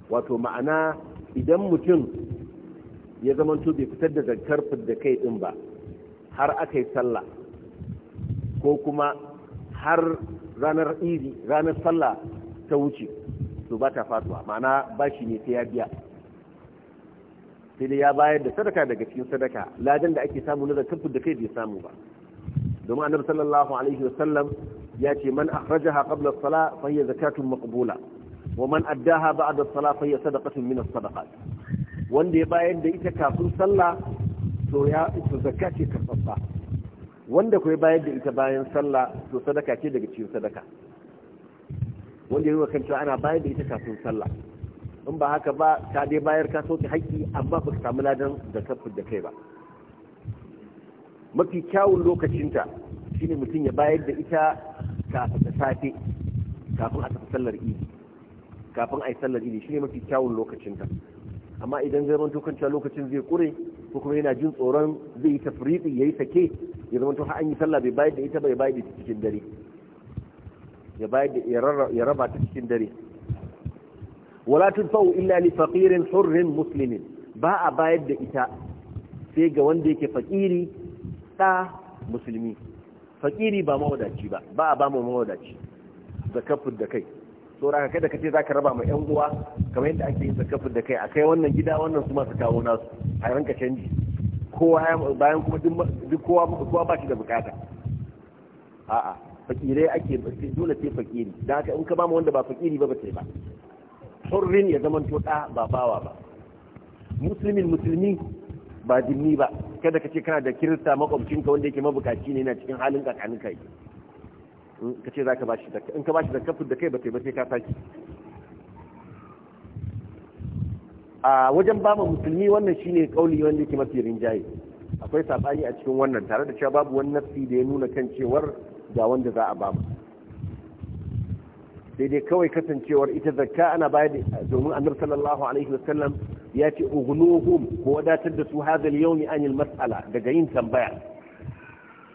wato ma'ana idan mutum ya zamanto bai fitar da zakkar da kai din ba har aka yi sallah ko kuma har ranar iri ranar sallah ta wuce to ba ta fatuwa ma'ana ba shi ne ta ya biya sai dai ya bayar da sadaka daga cikin sadaka ladan da ake samu na zakkar da kai bai samu ba domin annabi sallallahu alaihi wasallam ya ce man akhrajaha qabla as-salah fa hiya zakatun maqbula wa man addaha ba'da as-salah fa hiya sadaqatun min as-sadaqat wanda ya bayar da ita kafin sallah to ya to zakka ce karfafa wanda kuma bayar da ita bayan sallah to sadaka ce daga cikin sadaka wanda ya yi wa cewa ana bayar da ita kafin sallah in ba haka ba ka dai bayar ka sauke haƙƙi amma ba ka samu ladan da kafin da kai ba mafi kyawun lokacinta shine mutum ya bayar da ita kafin da safe kafin a tafi sallar idi kafin a yi sallar idi shine mafi kyawun lokacinta amma idan zai zamanto kan lokacin zai kure ko kuma yana jin tsoron zai yi tafriqi yayi take, ya zamanto har an yi sallah bai bayar da ita bai bayar da cikin dare ya bayar da ya raba ta cikin dare wala tudfa'u illa li faqirin hurrin muslimin ba a bayar da ita sai ga wanda yake fakiri ta musulmi fakiri ba mawadaci ba ba a ba mu mawadaci kafin da kai saboda kada ka ce za ka raba ma 'yan uwa kamar yadda ake yin zakafin da kai a kai wannan gida wannan su masu kawo nasu a ranka canji kowa bayan kuma duk kowa ba shi da bukata a'a fakirai ake dole sai fakiri da haka in ka ba mu wanda ba fakiri ba ba sai ba hurrin ya zama to da ba bawa ba musulmin musulmi ba dimmi ba kada ka ce kana da kirista makwabcinka wanda yake mabukaci ne na cikin halin kakanin kai ka ce za ka ba shi in ka ba shi zakka da kai ba sai ba sai ka saki a wajen ba musulmi wannan shine kauli wanda yake mafi rinjaye akwai sabani a cikin wannan tare da cewa babu wani nafi da ya nuna kan cewar ga wanda za a ba mu daidai kawai kasancewar ita zakka ana bayar da domin annabi sallallahu alaihi wasallam ya ce ugnuhum ko wadatar da su hadal yawmi anil mas'ala daga yin tambaya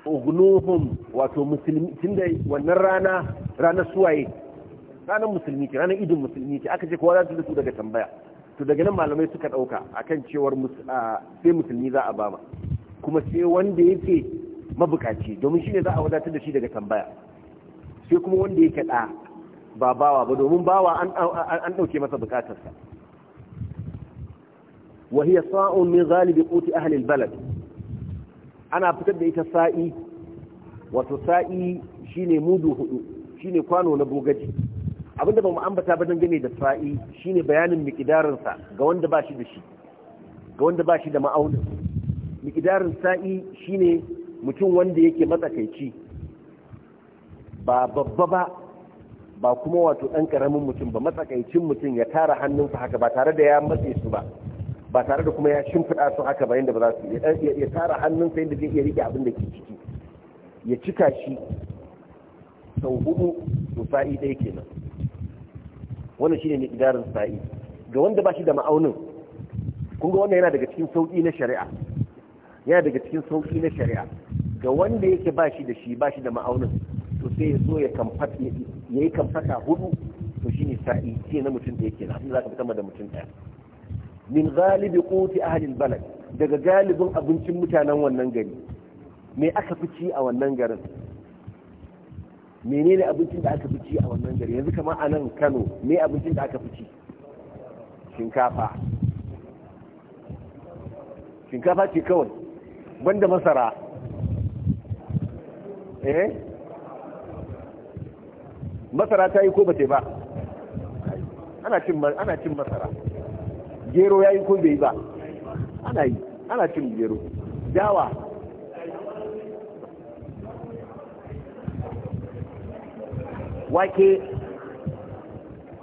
ugnuhum wato musulmi da wannan rana rana suwaye ranar musulmi ce ranar idin musulmi ce aka ce kowa za su da su daga tambaya to daga nan malamai suka dauka akan cewar sai musulmi za a bama kuma sai wanda yake mabukaci domin shi ne za a wadatar da shi daga tambaya sai kuma wanda yake da ba bawa ba domin bawa an dauke masa bukatarsa وهي صاع من غالب قوت أهل balad ana fitar da ita sa'i wato sa'i shine mudu hudu shine kwano na bogaji abinda ba mu ambata ba dangane da sa'i shine bayanin sa ga wanda ba shi da shi ga wanda ba shi da ma'auni miqdarin sa'i shine mutum wanda yake matsakaici ba babba ba ba kuma wato ɗan ƙaramin mutum ba matsakaicin mutum ya tara hannunsa haka ba tare da ya matse su ba ba tare da kuma ya shimfiɗa su haka ba yadda ba za su ya tara hannun sai da zai iya rike abin da ke ciki ya cika shi sau hudu to sa'i ɗaya kenan wannan shine ne idarin sa'i ga wanda ba shi da ma'aunin kun ga wannan yana daga cikin sauƙi na shari'a yana daga cikin sauƙi na shari'a ga wanda yake ba shi da shi ba shi da ma'aunin to sai ya zo ya yi kamfata hudu to shine sa'i ce na mutum da yake na abin da za ka fi da mutum ɗaya min galibi quti ahli balad daga galibin abincin mutanen wannan gari me aka fi ci a wannan garin menene abincin da aka fi ci a wannan gari yanzu kamar a nan Kano me abincin da aka fi ci shinkafa shinkafa ce kawai banda masara eh masara ta yi ko ba ce ba ana cin masara gero yayi ko bai ba ana yi ana cin gero dawa wake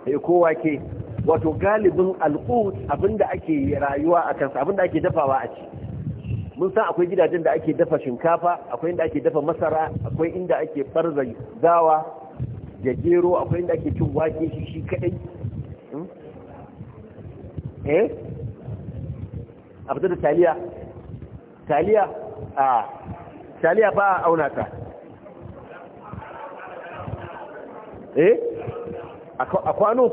eh, ko wake wato galibin al'ud abinda ake rayuwa a kansa abinda ake dafawa a ci mun san akwai gidajen da ake dafa shinkafa akwai inda ake dafa masara akwai inda ake farza dawa da gero akwai inda ake cin wake shi shi kadai eh a fita da taliya taliya a taliya ba a auna ta eh a kwano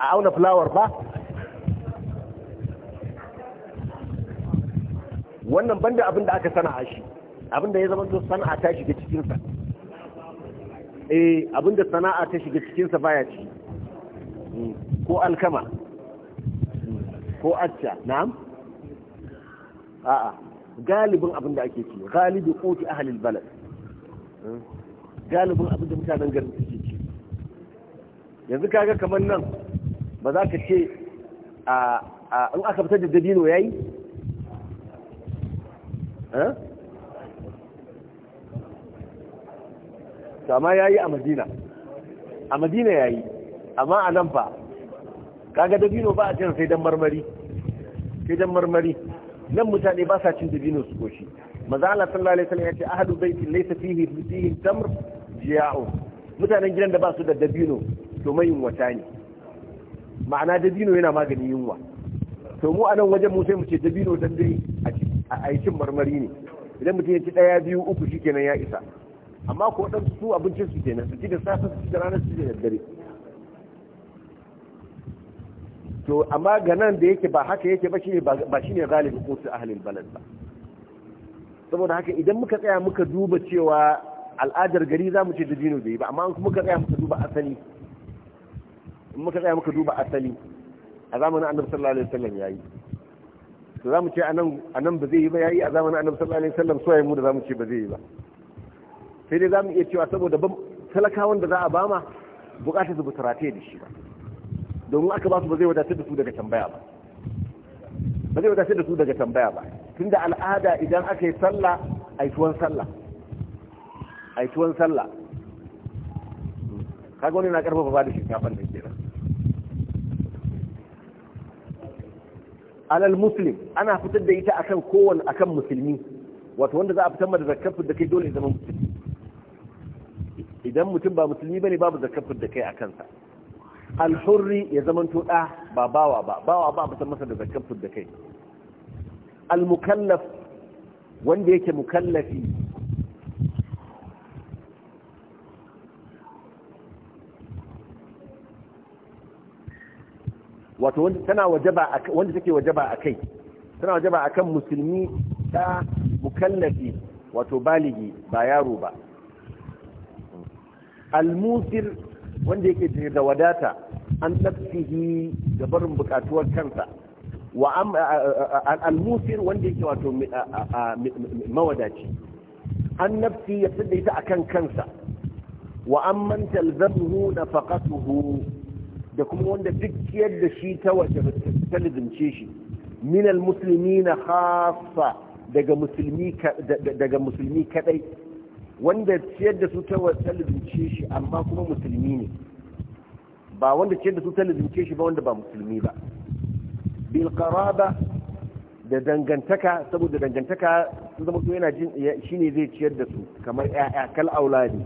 a auna fulawar ba wannan banda abin da aka sana'a shi abin da ya zama to sana'a ta shiga cikinsa eh abin da sana'a ta shiga cikinsa baya ciki ko alkama ko acca na'am a'a galibin abin da ake ci galibi koti ahalil balad galibin abin da mutanen garin suke ci yanzu kaga kamar nan ba za ka ce a in aka fitar da dabino yayi sama eh? yayi a madina a madina yayi amma a nan fa kaga dabino ba a cin sai dan marmari sai dan marmari nan mutane ba sa cin dabino su koshi maza Allah sallallahu alaihi wasallam ya ce ahadu baiti laysa fihi fihi tamr jiya'u mutanen gidan da ba su da dabino to mai wata ne ma'ana dabino yana maganin yunwa to mu a nan wajen mu sai mu ce dabino dan dai a aikin marmari ne idan mutum ya ci daya biyu uku shikenan ya isa amma ko dan su abincin su kenan su ci da safe su ci da rana su ci da dare to amma ga nan da yake ba haka yake ba shine ba shine galibi kotu ahlul balad ba saboda haka idan muka tsaya muka duba cewa al'adar gari za mu ce da dino bai ba amma muka tsaya muka duba asali muka tsaya muka duba asali a zamanin annabi sallallahu alaihi wasallam yayi to za mu ce anan anan ba zai yi ba yayi a zamanin annabi sallallahu alaihi wasallam so yayi mu da za mu ce ba zai yi ba sai dai za mu iya cewa saboda talakawan da za a bama bukatar su ba da shi ba domin aka ba su ba zai wadatar da su daga tambaya ba ba zai wadatar da su daga tambaya ba tun da al'ada idan aka yi sallah aituwan sallah aituwan sallah kaga wani na karfafa ba da shinkafan da kenan alal muslim ana fitar da ita akan kowane akan musulmi wato wanda za a fitar da zakafin da kai dole zama musulmi idan mutum ba musulmi bane babu zakafin da kai a kansa alhurri ya zamanto ɗa ba bawa ba bawa ba a masa da zakkan fudda kai almukallaf wanda yake mukallafi wato tana wajaba wanda take wajaba a kai tana wajaba a kan musulmi ta mukallafi wato baligi ba yaro ba almusir wanda yake da wadata an nafsihi da barin bukatuwar kansa wa al-musir wanda yake wato mawadaci an nafsi ya tsada ita akan kansa wa amman talzamhu nafaqatuhu da kuma wanda duk yadda shi ta waje ta lizince shi min al-muslimina na daga musulmi daga musulmi kadai wanda ciyar da su ta talibince shi amma kuma musulmi ne ba wanda ciyar da su talibince shi ba wanda ba musulmi ba bil qaraba da dangantaka saboda dangantaka su zama yana jin shi ne zai ciyar da su kamar ƴaƴa kal auladi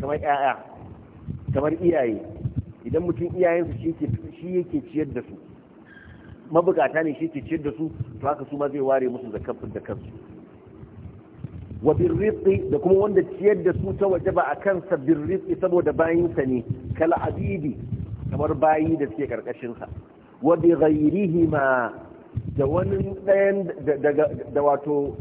kamar ƴaƴa kamar iyaye idan mutum iyayensu shi shi yake ciyar da su mabukata ne shi ke ciyar da su to haka su ma zai ware musu zakafin da kansu wa birriqi da kuma wanda ciyar da su ta waje ba a kansa birriqi saboda bayinsa ne kala abidi kamar bayi da suke karkashinsa wa bi ghairihi ma da wani ɗayan da wato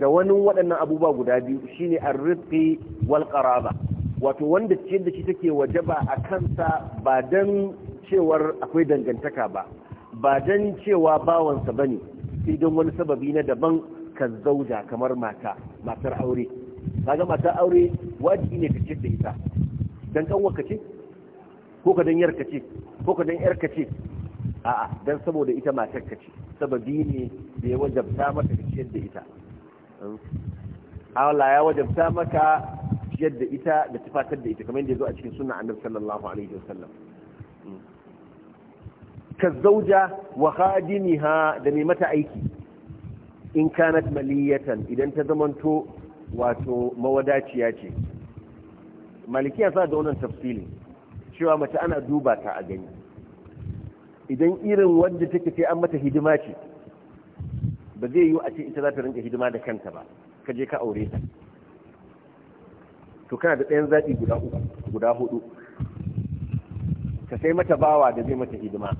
da wani waɗannan abubuwa guda biyu shine arriqi wal qaraba wato wanda ciyar da shi take waje ba a kansa ba dan cewar akwai dangantaka ba ba dan cewa bawansa bane sai don wani sababi na daban zauja kamar mata matar aure kaga matar aure wajibi ne ka ce da ita dan kanwa ka ce ko ka dan yarka ce ko ka dan yarka ce a'a dan saboda ita matar ka ce sababi ne da ya wajabta mata ka da ita Allah ya wajabta maka ciyar da ita da tufatar da ita kamar yadda ya zo a cikin sunna annabi sallallahu alaihi wasallam ka zauja wa khadimiha da mai mata aiki in kanat maliyatan idan ta zamanto wato mawadaciya ce maliki ya sa da wannan tafsilin cewa mace ana duba ta a gani idan irin wanda take ce an mata hidima ce ba zai yiwu a ce ita za ta rinka hidima da kanta ba ka je ka aure ta to kana da ɗayan zaɓi guda uku guda hudu ka sai mata bawa da zai mata hidima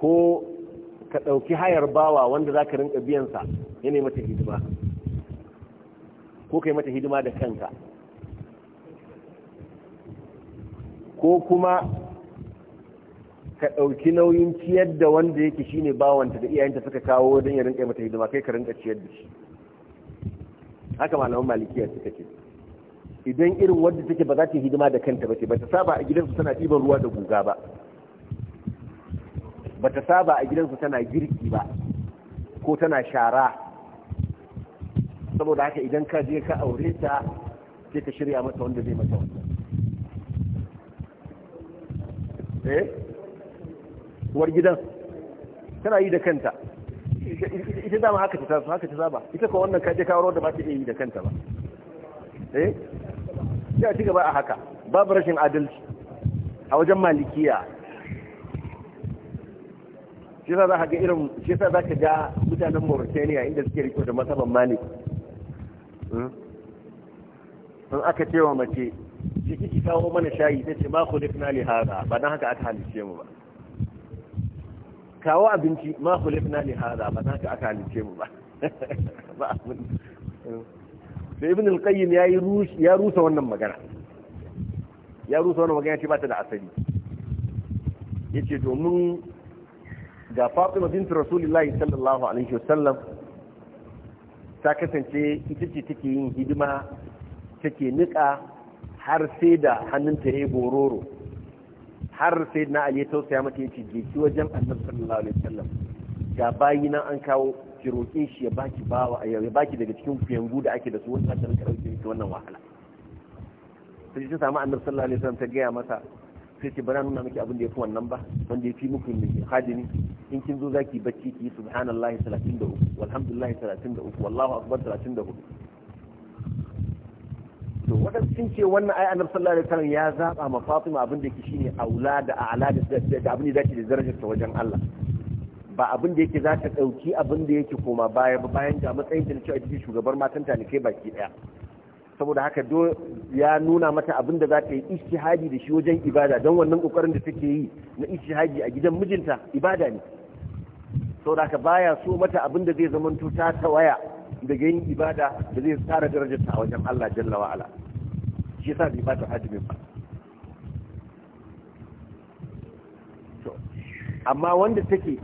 ko ka ɗauki hayar bawa wanda za ka rinka biyansa ya yi mata hidima ko kai mata hidima da kanka ko kuma ka ɗauki nauyin ciyar da wanda yake shi ne bawanta da iyayenta suka kawo don ya rinka mata hidima kai ka rinka ciyar da shi haka malaman malikiya suka ce idan irin wadda take ba za ta yi hidima da kanta ba ce ba ta saba a gidansu tana ɗiban ruwa da guga ba Ba ta saba a gidansu tana girki ba ko tana shara saboda haka idan ka je ka aure ta sai ka shirya mata wanda zai mata wannan eh war gidan tana yi da kanta ita dama haka ta tafi haka ta saba ita ko wannan kaje aure da ba ta iya yi da kanta ba eh ya ci gaba a haka babu rashin adalci a wajen malikiya shi za za ga irin shi za ka ga mutanen Mauritania inda suke riko da masaban Malik sun hmm? aka ce wa mace ki kiki kawo mana shayi ta ce ma khulifna li hada ba don haka aka halice mu ba kawo abinci ma khulifna li hada ba don haka aka halice mu ba ba da ibn al-qayyim yayi rushi ya rusa wannan magana ya rusa wannan magana ce ba ta da asali yace domin ga fatima bintu rasulullahi sallallahu alaihi wasallam ta kasance ita ce take yin hidima take nika har sai da hannunta ya bororo har sai na ali ya tausaya mata yace je ki wajen annabi sallallahu alaihi wasallam ga bayi nan an kawo ki roƙe shi ya baki bawa ya baki daga cikin kuyangu da ake da su wannan ta rika dauke wannan wahala sai ta samu annabi sallallahu alaihi wasallam ta gaya masa sai ce bana nuna miki abin da ya fi wannan ba wanda ya fi muku hadini in kin zo zaki bacci ki yi subhanallahi 33 walhamdulillahi 33 wallahu akbar 34 to wadanda sun ce wannan ai annabi sallallahu alaihi wasallam ya zaba ma Fatima abin da yake shine aula da a'la da abin da yake da darajar ta wajen Allah ba abin da yake za ta dauki abin da yake koma baya ba bayan da matsayin da cewa ita shugabar matan ta ne kai baki daya saboda haka do ya nuna mata abin da za ta yi ishtihadi da shi wajen ibada don wannan kokarin da take yi na ishtihadi a gidan mijinta ibada ne saboda haka baya so mata abin da zai zamanto ta tawaya daga yin ibada da zai tsara darajarta a wajen Allah jalla wa ala shi yasa bai bata hadimin ba amma wanda take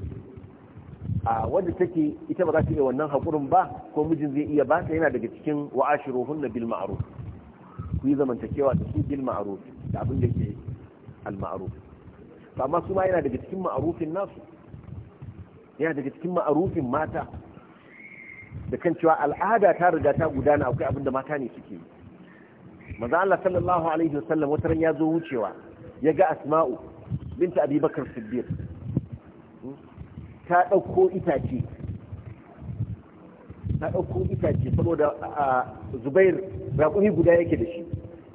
a wadda take ita ba za ta iya wannan haƙurin ba ko mijin zai iya ba ta yana daga cikin na bil ma'ruf ku yi zamantakewa da su bil ma'ruf da abin da ke al ma'ruf to amma su ma yana daga cikin ma'arufin nasu yana daga cikin ma'arufin mata da kan cewa al'ada ta riga ta gudana akwai abin da mata ne suke yi Allah sallallahu alaihi wasallam wata ran ya zo wucewa ya ga asma'u binta abubakar siddiq ta ɗauko itace ta ɗauko itace saboda zubair raƙumi guda yake da shi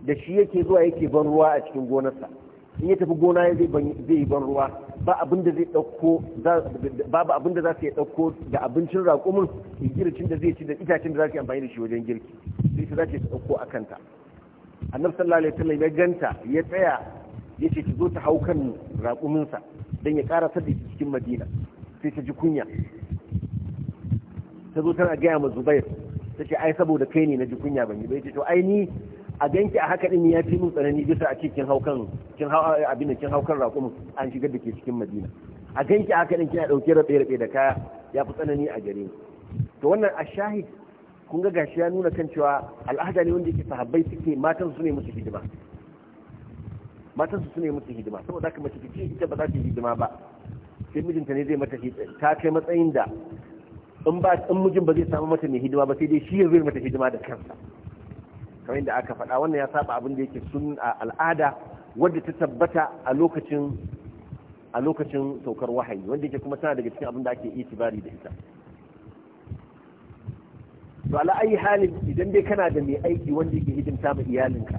da shi yake zuwa yake ban ruwa a cikin gonarsa in ya tafi gona zai yi ban ruwa ba abin da zai ɗauko babu abin da za su da abincin raƙumin girkin da zai ci da itacen da za su yi amfani da shi wajen girki sai su za su ɗauko a kanta annabi sallallahu alaihi wasallam ya ganta ya tsaya ya ce ki zo ta hau kan raƙuminsa don ya ƙara da cikin madina sai ta ji kunya ta zo tana gaya ma zubair ta ce ai saboda kai ne na ji kunya ban yi bai ce to ai ni a ganki a haka din ya fi mun tsanani bisa a cikin haukan kin da kin haukan eh, raƙumin an shigar da ke cikin madina a ganki a haka din kina dauke rabe rabe da kaya ya fi tsanani a gare ni to wannan a shahid kun ga gashi ya nuna kan cewa al'ada ne wanda yake sahabbai suke matan su ne musu hidima matan su ne musu hidima saboda haka mace ce ita ba za ta yi hidima ba sai mijinta ne zai mata ta kai matsayin da in ba in mijin ba zai samu mata mai hidima ba sai dai shi zai mata hidima da kansa kamar yadda aka faɗa wannan ya saba abin da yake sun al'ada wadda ta tabbata a lokacin a lokacin saukar wahayi wanda yake kuma tana daga cikin abin da ake itibari da ita to ala ayi halin idan dai kana da mai aiki wanda yake hidimta ma iyalinka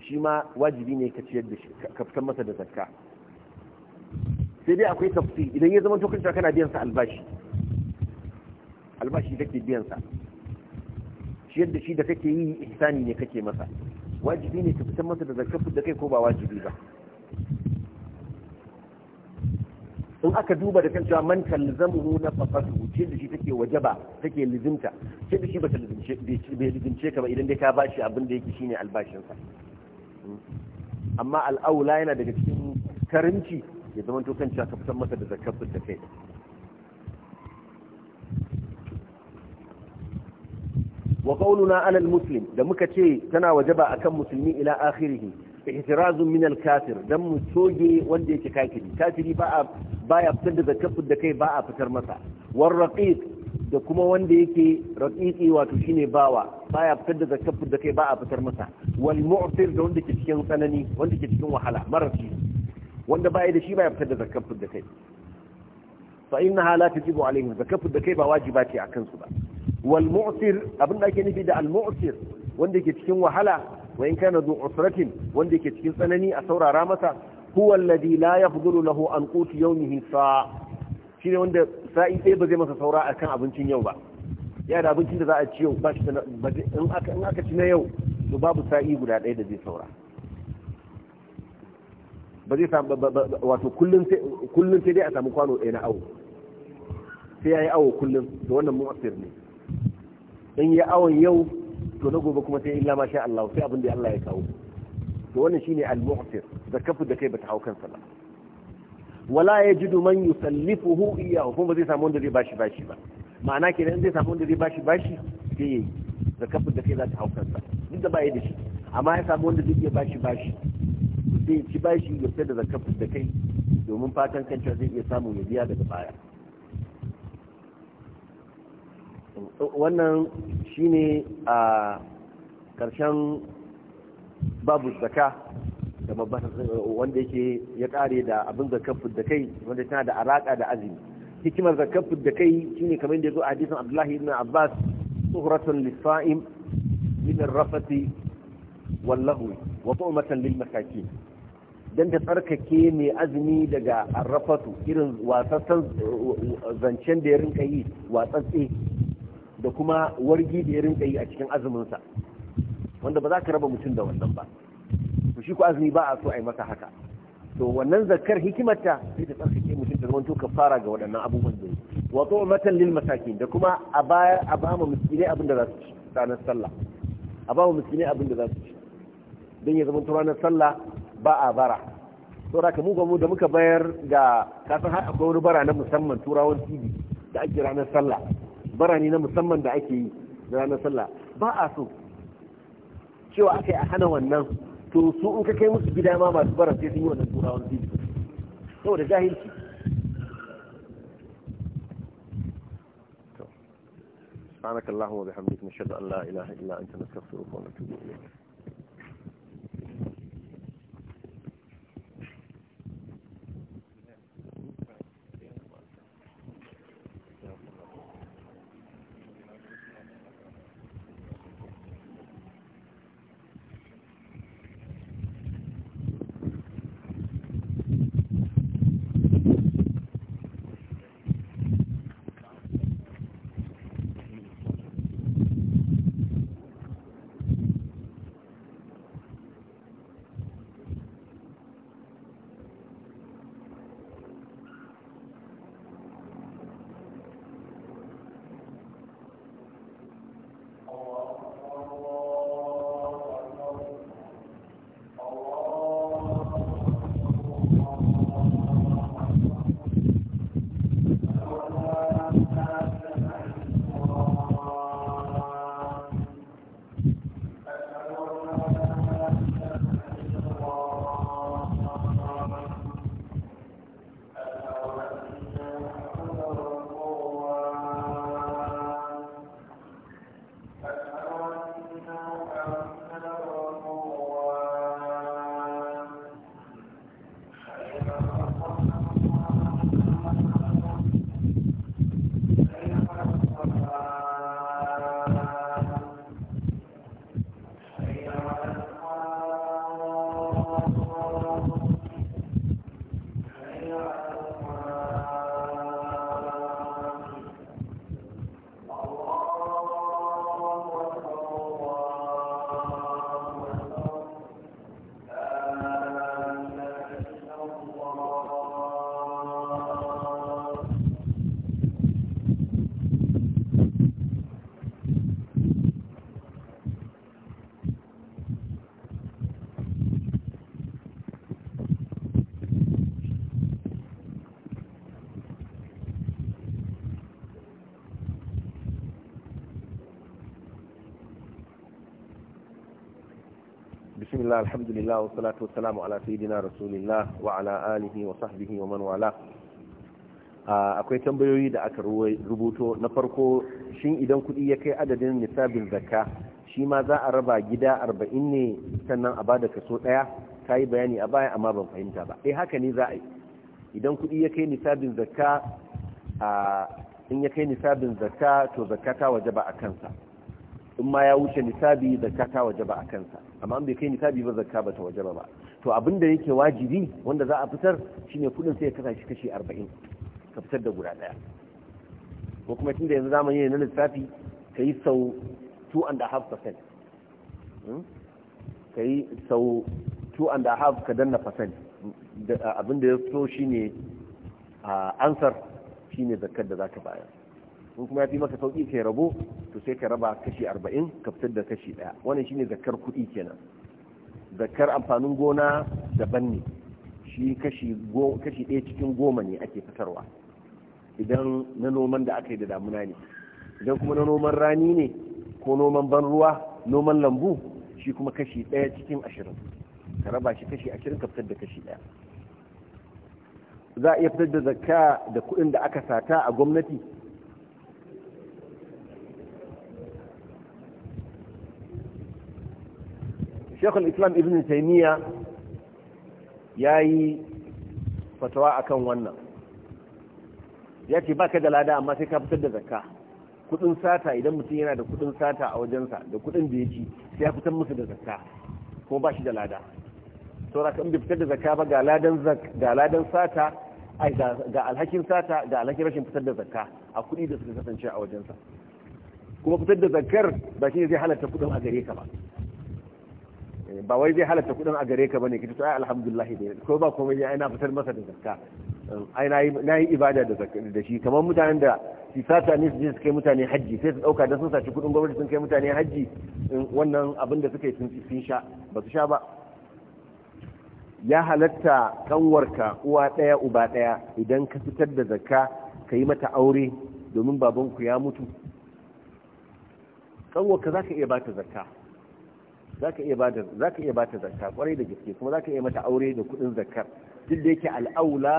shi ma wajibi ne ka ciyar da shi ka fitar masa da zakka sai dai akwai tafsir idan ya zama tokin kana biyan sa albashi albashi kake biyan sa shi yadda shi da kake yi ihsani ne kake masa wajibi ne ka fitar masa da zakatu da kai ko ba wajibi ba in aka duba da kan cewa man talzamuhu na fafatu ce da shi take wajaba take lizimta ce da shi ba ta lizimce bai lizimce ka ba idan dai ka bashi abin da yake shine albashinsa amma al'aula yana daga cikin karinci ya zama to kanci ka fitar masa da zakar da kai wa qawluna ala muslim da muka ce tana wajaba akan musulmi ila akhirih ihtiraz min al-kafir dan mutoge wanda yake kafiri kafiri ba a baya fitar da zakar da kai ba a fitar masa war raqiq da kuma wanda yake raqiqi wato shine bawa baya fitar da zakar da kai ba a fitar masa wal mu'tir da wanda ke cikin tsanani wanda ke cikin wahala marashi wanda ba da shi ba ya fitar da zakar fidda kai fa innaha la tajibu alaihim zakar fidda kai ba wajiba ce a kansu ba wal mu'sir abin da ake nufi da al mu'sir wanda yake cikin wahala wa in kana du usratin wanda yake cikin tsanani a saurara masa huwa alladhi la yafdulu lahu an quti yawmihi sa shine wanda sa'i sai ba zai masa saura akan abincin yau ba ya da abincin da za a ci yau ba shi in aka ci na yau to babu sa'i guda ɗaya da zai saura ba zai samu wato kullum sai dai a samu kwano ɗaya na awo sai ya yi awo kullum da wannan asir ne in ya awon yau to na gobe kuma sai illa ma sha Allah sai abin da Allah ya kawo to wannan shine al-mu'sir da kafu da kai bata hau kansa ba wala yajidu man yusallifuhu iyyahu kuma ba zai samu wanda zai bashi bashi ba ma'ana kenan zai samu wanda zai bashi bashi sai da kafu da kai za ta hau kansa duk da ba da shi amma ya samu wanda zai iya bashi bashi zai ci bashi ya fita da zakafu da kai domin fatan kanta zai iya samu ya biya daga baya wannan shine a ƙarshen babu zaka da wanda yake ya kare da abin zakafu da kai wanda tana da alaƙa da azumi hikimar zakafu da kai shine kamar da ya zo a hadisin abdullahi ibn abbas tsohratun lissa'im min rafati wallahu wa tu'matan lil masakin dan da tsarkake mai azumi daga arrafatu irin wasan uh, zancen da ya rinka yi watsatse da kuma wargi da ya rinka yi a cikin azuminsa wanda ba za ka raba mutum da wannan ba to shi ko azumi ba a so a yi masa haka to wannan zakar hikimarta sai ta tsarkake mutum da zaman ka fara ga waɗannan abubuwan da wa tu'matan lil masakin da kuma a baya a ba mu miskinai abin da za su ci sallah a ba mu miskinai abin da za su ci don ya zama ranar sallah ba a bara saboda ka mu da muka bayar ga kasan har akwai wani bara na musamman turawan tv da ake ranar sallah bara ne na musamman da ake yi na ranar sallah ba a so cewa yi a hana wannan to su in ka kai musu gida ma masu bara sai sun yi wannan turawan tv saboda jahilci سبحانك اللهم وبحمدك نشهد أن لا إله إلا أنت نستغفرك ونتوب إليك bismillah alhamdulillah wa salatu wassalamu ala sayyidina rasulillah wa ala alihi wa sahbihi wa man wala akwai tambayoyi da aka rubuto na farko shin idan kudi ya kai adadin nisabin zakka shi ma za a raba gida arba'in ne sannan a bada kaso ɗaya ta yi bayani a baya amma ban fahimta ba eh haka ne za a yi idan kudi ya kai nisabin zakka a in ya kai nisabin zakka to zakka ta waje ba a kansa in ma ya wuce nisabi zakka ta waje ba a kansa amma bai kai nisabi ba zakka ba ta wajaba ba to abin da yake wajibi wanda za a fitar shine kudin sai ya kasa shi kashi 40 ka fitar da guda daya ko kuma tunda yanzu zamani ne na lissafi ka yi sau 2 and a half percent hmm? ka yi sau 2 and a half ka danna percent abin da ya fito shine ah, ansar shine zakkar da zaka bayar in kuma ya fi maka sauki kai rabo to sai ka raba kashi arba'in ka fitar da kashi ɗaya wannan shine zakar kuɗi kenan zakar amfanin gona daban ne shi kashi ɗaya cikin goma ne ake fitarwa idan na noman da aka yi da damuna ne idan kuma na noman rani ne ko noman ban ruwa noman lambu shi kuma kashi ɗaya cikin ashirin ka raba shi kashi ashirin ka fitar da kashi ɗaya za a iya fitar da zakka da kuɗin da aka sata a gwamnati shekul islam ibn taimiyya ya yi fatawa akan wannan ya ce ba ka da lada amma sai ka fitar da zakka kudin sata idan mutum yana da kudin sata a wajensa da kudin da ya ci sai ya fitar musu da zakka ko ba shi da lada saura kan bai fitar da zakka ba ga ladan sata ga alhakin sata ga alhakin rashin fitar da zakka a kudi da suka kasance a wajensa kuma fitar da zakkar ba shi ne zai halatta kudin a gare ka ba ba wai zai halatta kudin a gare ka bane ki to ai alhamdulillah dai ko ba komai dai ai fitar masa da zakka ai na yi ibada da zakka da shi kamar mutanen da shi sata ne su je su kai mutane haji sai su dauka da sun saci kudin gwamnati sun kai mutane haji wannan abin da suka yi sun sun sha ba su sha ba ya halatta kanwarka uwa daya uba daya idan ka fitar da zakka ka yi mata aure domin babanku ya mutu kanwarka za ka iya ba ta zakka zaka iya bada zaka iya bata zakka kwarai da gaske kuma zaka iya mata aure da kudin zakkar duk da yake al'aula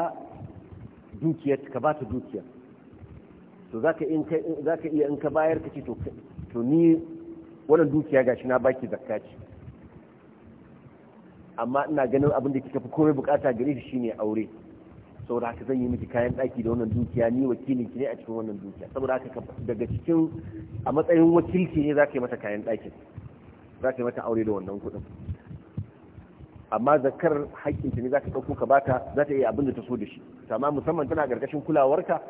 dukiyar ka bata dukiyar to zaka in ka zaka iya in ka bayar kace to to ni wannan dukiya gashi na baki zakka ce amma ina ganin abin da kika fi komai bukata gare shi shine aure saboda haka zan yi miki kayan daki da wannan dukiya ni wakilin ki ne a cikin wannan dukiya saboda haka daga cikin a matsayin wakilci ne zaka yi mata kayan daki za ta yi mata aure da wannan kuɗin amma zakar haƙƙin ta ne za ta ɗauko ka bata za ta iya abin da ta so da shi amma musamman tana ƙarƙashin kulawarka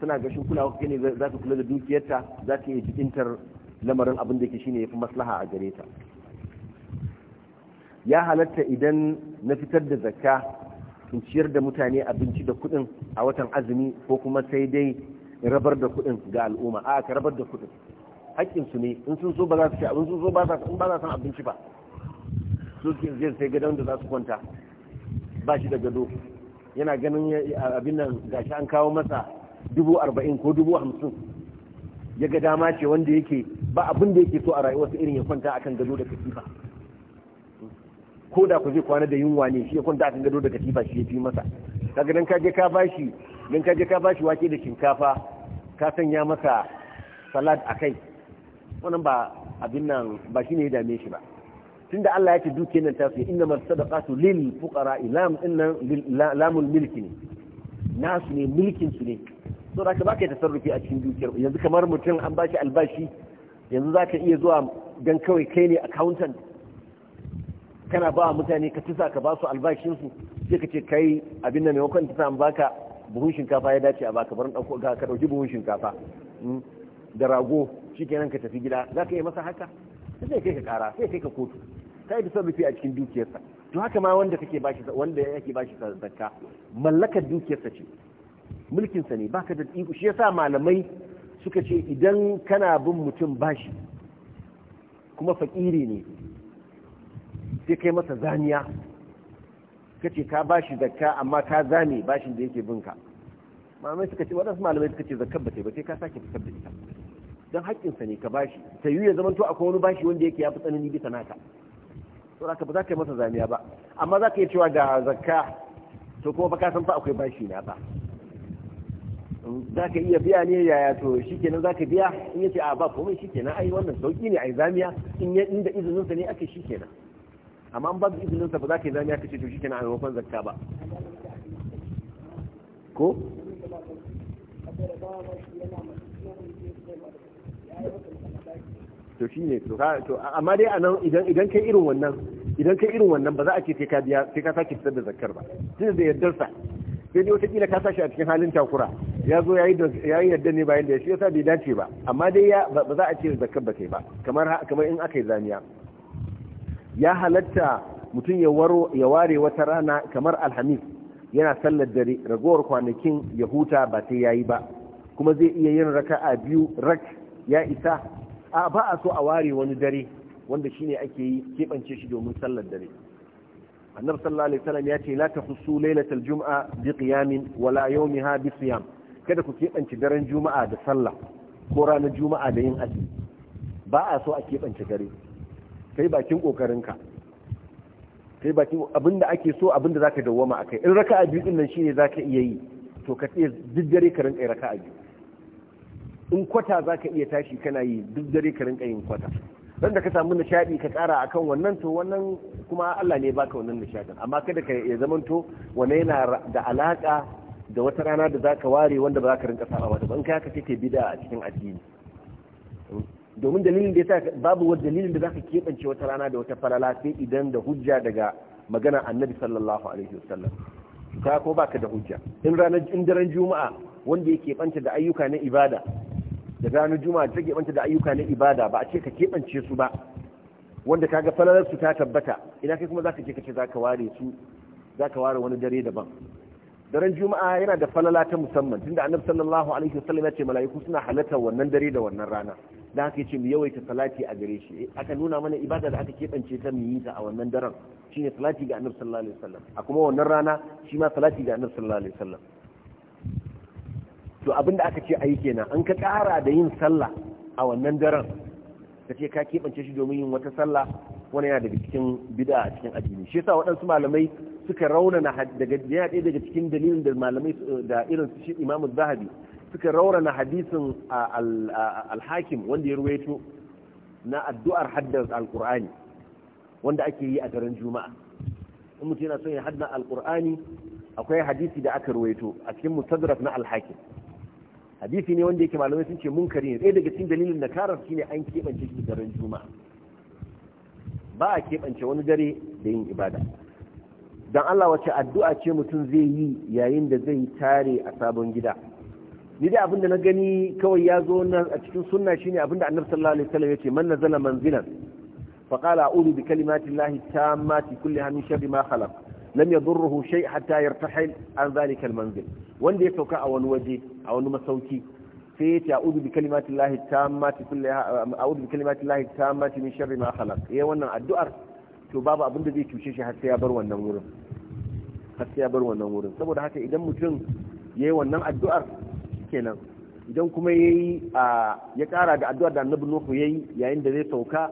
tana ƙarƙashin kulawar ne za ta kula da dukiyarta za ta iya jikintar lamarin abin da ke ya fi maslaha a gare ta ya halatta idan na fitar da zakka in ciyar da mutane abinci da kuɗin a watan azumi ko kuma sai dai rabar da kuɗin ga al'umma a ka rabar da kuɗin haƙƙin su ne in sun so ba za su ci abin sun so ba za san abinci ba su ke zai sai gadon da za su kwanta ba shi da gado yana ganin abin nan gashi an kawo masa dubu arba'in ko dubu hamsin ya ga dama ce wanda yake ba abin da yake so a rayuwarsa irin ya kwanta akan gado da katifa ko da ku zai kwana da yunwa ne shi ya kwanta akan gado da katifa shi ya fi masa kaga dan kaje ka bashi dan kaje ka bashi wake da shinkafa ka sanya masa salad a kai wannan ba abin nan ba shine ya dame shi ba tunda Allah ya ce dukiyar nan ta su inna man sadaqatu lil fuqara ilam inna lamul milki ne nasu ne milkin su ne so da ka baka tasarrufi a cikin dukiyar yanzu kamar mutum an bashi albashi yanzu zaka iya zuwa dan kawai kai ne accountant kana ba mutane ka tusa ka ba su albashin su sai ka ce kai abin nan maimakon tusa an baka buhun shinkafa ya dace a baka bar ka dauki buhun shinkafa hmm, da rago shikenan ka tafi gida za ka yi masa haka sai kai ka kara sai kai ka kotu ka yi rufi a cikin dukiyarsa to haka ma wanda kake bashi wanda yake bashi zakka mallakar dukiyarsa ce mulkin sa ne baka da iko shi yasa malamai suka ce idan kana bin mutum bashi kuma fakiri ne sai kai masa zaniya kace ka bashi zakka amma ka zame bashin da yake binka malamai suka ce waɗansu malamai suka ce zakkar ba sai ba sai ka sake fitar da ita don haƙƙinsa ne ka bashi ta yi ya zama to akwai wani bashi wanda yake ya fi tsanani bisa naka to za ka ba za ka yi masa zamiya ba amma za ka yi cewa ga zakka to kuma baka ka san fa akwai bashi na ba za ka iya biya ne yaya to shi kenan za ka biya in yace a ba komai shi kenan ai wannan sauki ne ai zamiya in ya inda izininsa ne ake shi kenan amma an babu izininsa ba za ka yi zamiya ka ce to shi kenan a maimakon zakka ba ko to shine to to amma dai anan idan idan kai irin wannan idan kai irin wannan ba za a ce sai ka biya sai ka sake fitar da zakkar ba tunda da yaddar sa sai dai wataƙila ka sashi a cikin halin takura ya zo ya yi yadda ne bayan da ya shi yasa bai dace ba amma dai ba za a ce zakkar ba kai ba kamar kamar in aka yi zaniya ya halatta mutum ya ware wata rana kamar alhamis yana sallar dare ragowar kwanakin ya huta ba sai ya yi ba kuma zai iya yin raka'a biyu rak ya isa a ba a so a ware wani dare wanda shine ake yi keɓance shi domin sallar dare annab sallallahu alaihi wasallam ya ce la tahussu lailatul jum'a bi qiyamin wala yawmiha bi siyam kada ku keɓance daren juma'a da sallah ko ranar juma'a da yin azumi ba a so a keɓance dare kai bakin kokarin ka. kai bakin abinda ake so abinda zaka dawoma akai in raka'a biyu din nan shine zaka iya yi to ka tsaye duk dare ka rinka raka'a biyu in kwata za ka iya tashi kana yi duk dare ka rinka yin kwata don da ka samu nishadi ka kara akan wannan to wannan kuma Allah ne baka wannan nishadin amma kada ka ya to wane yana da alaka da wata rana da za ka ware wanda ba za ka rinka sabawa ba ban ka haka ke bid'a a cikin addini domin dalilin da ya sa babu wani dalilin da za ka keɓance wata rana da wata falala sai idan da hujja daga magana annabi sallallahu alaihi wasallam ka ko baka da hujja in ranar in daren juma'a wanda yake banta da ayyuka na ibada da ranar juma'a ta keɓanta da ayyuka na ibada ba a ce ka keɓance su ba wanda kaga falalar su ta tabbata ina kai kuma ka je ka ce ka ware su ka ware wani dare daban daren juma'a yana da falala ta musamman tunda annabi sallallahu alaihi wasallam ya ce mala'iku suna halartar wannan dare da wannan rana da haka yace mu yawaita salati a gare shi eh, aka nuna mana ibada da aka kebance ta mu yi ta a wannan daren shine salati ga annabi sallallahu alaihi wasallam a kuma wannan rana shi ma salati ga annabi sallallahu alaihi wasallam to abinda aka ce ayi kenan an ka kara da yin sallah a wannan daren ka ce ka keɓance shi domin yin wata sallah wani yana daga cikin bida a cikin addini shi yasa waɗansu malamai suka raunana daga yana ɗaya daga cikin dalilin da malamai da irin su shi imamu zahabi suka raunana hadisin alhakim wanda ya ruwaito na addu'ar haddar al'kur'ani wanda ake yi a daren juma'a in mutum yana son ya haddan alkur'ani akwai hadisi da aka ruwaito a cikin mustadrak na alhakim hadisi ne wanda yake malamai sun ce munkari ne ɗaya daga cikin dalilin shi shine an keɓance shi daren juma'a ba a keɓance wani dare da yin ibada Don Allah wace addu'a ce mutum zai yi yayin da zai tare a sabon gida ni dai abinda na gani kawai ya zo nan a cikin sunna shine abinda annabi sallallahu alaihi wasallam yace man nazala manzilan fa qala a'udhu bi kalimatillahi tammati kulli min sharri ma khalaq لم يضره شيء hatta يرتحل an ذلك المنزل wanda ya sauka a wani waje a wani masauki sai ya ce a'udhu bi kalimati llahi tammati kullaha a'udhu min ma wannan addu'ar to babu abin da zai cuce shi har sai ya bar wannan wurin har sai ya saboda haka idan mutum yayi wannan addu'ar kenan idan kuma yayi ya kara da addu'ar da annabi Nuhu yayi yayin da zai sauka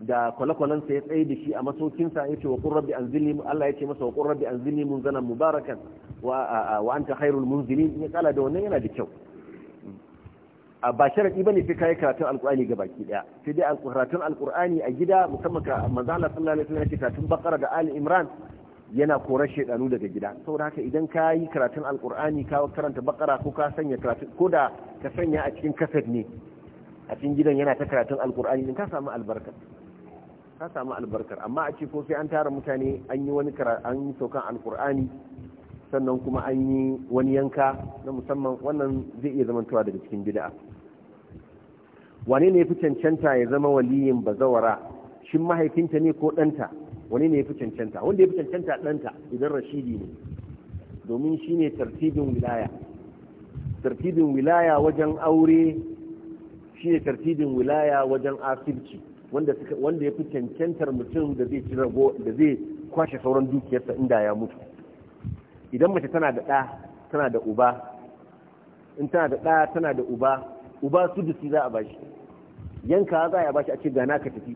da kwale-kwalen sa ya tsaye da shi a masaukin sa yace wa qurrabi anzilni Allah yace masa wa qurrabi anzilni munzalan mubarakan wa wa anta khairul munzilin ya kala da wannan yana da kyau a ba sharadi bane sai kai karatun alqur'ani ga baki daya sai dai karatun alqur'ani a gida musamman ka manzo Allah sallallahu alaihi wasallam yace karatun bakara da ali imran yana korar shedanu daga gida saboda haka idan ka yi karatun Alƙur'ani ka karanta bakara ko ka sanya karatun ko da ka sanya a cikin kaset ne a cikin gidan yana ta karatun Alƙur'ani in ka samu albarka ka samu albarkar amma a ce ko sai an tara mutane an yi wani an yi saukan alkur'ani sannan kuma an yi wani yanka na musamman wannan zai iya zamantawa daga cikin bid'a wane ne ya fi cancanta ya zama waliyin bazawara shin mahaifinta ne ko ɗanta wane ne ya fi cancanta wanda ya fi cancanta ɗanta idan rashidi ne domin shi ne tartibin wilaya wajen aure shi ne tartibin wilaya wajen asibci wanda ya fi cancantar mutum da zai ci rago da zai kwashe sauran dukiyarsa inda ya mutu idan mace tana da ɗa tana da uba in tana da ɗa tana da uba uba su sudusi za a bashi yanka za a bashi a ce gana ka tafi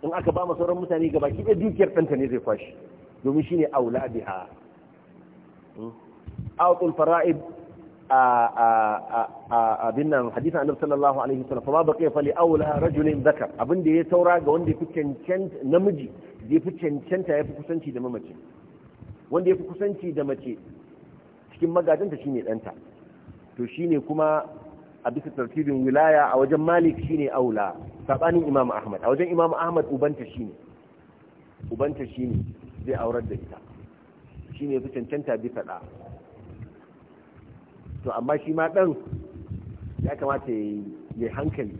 in aka ba ma sauran mutane gaba shi ɗaya dukiyar ɗanta ne zai kwashe. domin shi ne aula biha hmm? aqul fara'id abin nan hadisan annabi sallallahu alaihi wasallam fama baqiya fali aula rajulin zakar abin da ya saura ga wanda yafi cancanta namiji da yafi cancanta yafi kusanci da mamaci wanda yafi kusanci da mace cikin magajanta shine danta to shine kuma a bisa tartibin wilaya a wajen malik shine aula sabanin imam ahmad a wajen imam ahmad ubanta shine ubanta shine zai aurar da ita shine yafi cancanta bisa da to amma shi ma ɗan ya kamata ya hankali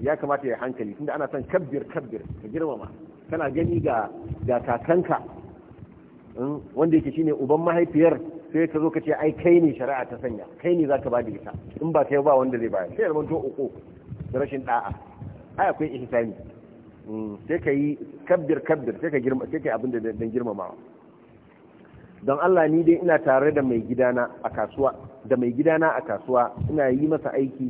ya kamata ya hankali tunda ana son kabbir kabbir ka girmama kana gani ga ga kakanka hmm, wanda yake shine uban mahaifiyar sai ka zo ka ce ai kai ne shari'a ta sanya kai ne zaka da ita in ba kai ba wanda zai bayar sai yarman uku da rashin da'a ai akwai ihsani hmm, sai ka yi kabbir kabbir sai ka girma sai ka yi abin da dan girmamawa don Allah ni dai ina tare da mai gidana a kasuwa da mai gidana a kasuwa ina yi masa aiki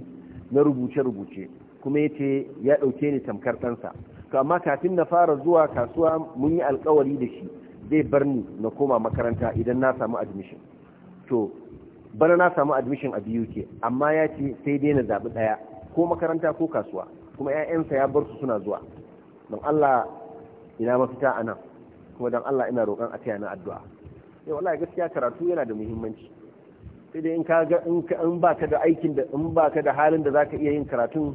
na rubuce-rubuce kuma ya ce ya ɗauke ni tamkar ɗansa to amma kafin na fara zuwa kasuwa mun yi alkawari da shi zai bar ni na koma makaranta idan na samu admission to bana na samu admission a biyu ke amma ya ce sai dai na zaɓi ɗaya ko makaranta ko kasuwa kuma 'ya'yansa ya bar su suna zuwa don Allah ina mafita a nan kuma don Allah ina roƙon a tayana addu'a yau eh, wallahi gaskiya karatu yana da muhimmanci sai dai in ka ga in baka da aikin da in baka da halin da zaka iya yin karatun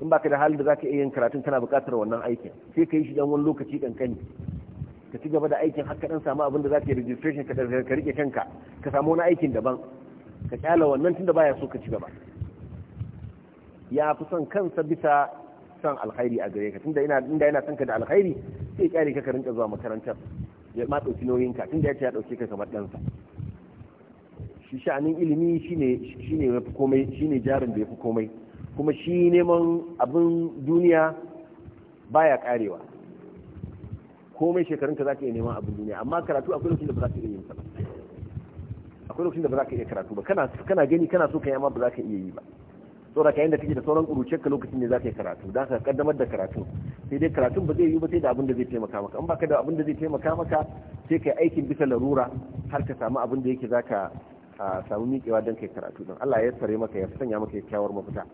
in baka da halin da zaka iya yin karatun kana buƙatar wannan aikin sai ka yi shi dan wani lokaci kankani ka ci gaba da aikin har ka dan samu abin da zaka yi registration ka ka rike kanka ka samu wani aikin daban ka kyala wannan tunda baya so ka ci gaba ya fi son kansa bisa son alkhairi a gare ka tunda ina inda yana son ka da alkhairi sai kyale ka ka rinka zuwa makarantar ya ma ɗauki nauyin ka tun da ya ce ya ɗauke ka kamar ɗansa shi sha'anin ilimi shi ne mafi komai shi ne jarin da ya fi komai kuma shi neman abin duniya baya karewa komai shekarun ka za ka iya neman abin duniya amma karatu akwai lokacin da ba za ka iya yin ba akwai lokacin da ba za ka iya karatu ba kana gani kana so ka yi amma ba za ka iya yi ba saboda ka inda kake da sauran kuruce ka lokacin ne zaka yi karatu za ka kaddamar da karatu sai dai karatu ba zai yi ba sai da abin da zai taimaka maka in baka da abin da zai taimaka maka sai kai aikin bisa larura har ka samu abin da yake za ka samu miƙewa don kai karatu don Allah ya tsare maka ya sanya maka kyakkyawar mafita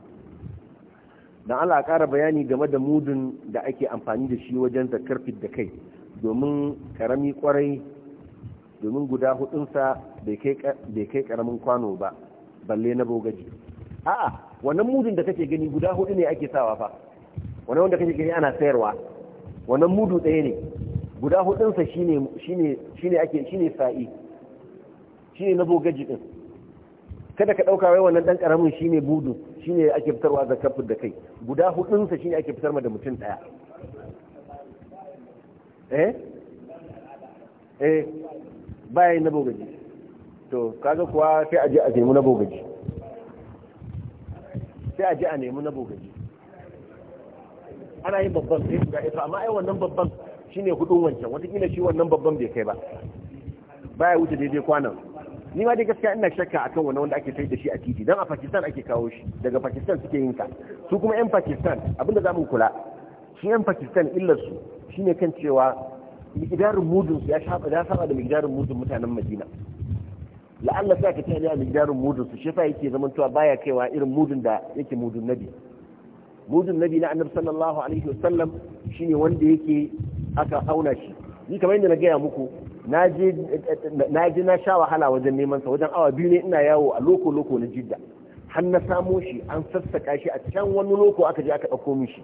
don Allah a ƙara bayani game da mudun da ake amfani da shi wajen zakar fit da kai domin karami kwarai domin guda hudunsa bai kai karamin kwano ba balle na bogaji a'a wannan mudun da kake gani guda hudu ne ake sawa fa wannan wanda kake gani ana sayarwa wannan mudu ɗaya ne guda sa shine shine shine ake shine sa'i shine na bogaji din kada ka dauka wai wannan dan karamin shine budu shine ake fitarwa kafin da kai guda sa shine ake fitar ma da mutum daya eh eh baya na bogaji to kaga kuwa sai aje a mu na bogaji sai a je a nemi na bogaji ana yi babban sai guda ɗaya eh, amma ai wannan babban shine hudun wancan gina shi wannan babban bai kai ba baya wuce daidai kwanan ni ma dai gaskiya ina shakka akan wannan wanda ake sai da shi a titi dan a Pakistan ake kawo shi daga Pakistan suke yin ka su kuma yan Pakistan abinda zamu kula shi yan Pakistan illar su shine kan cewa miqdarin mudun su ya saba da migdarin mudun mutanen Madina la'alla sai ka tana miqdarin mudun su shi fa yake zaman tuwa baya kaiwa irin mudun da yake mudun nabi mudun nabi na annabi sallallahu alaihi wasallam shine wanda yake aka auna shi ni kamar yadda na gaya muku na je na sha wahala wajen neman sa wajen awa biyu ne ina yawo a loko loko na jidda har na samo shi an sassaka shi a can wani loko aka je aka ɗauko mishi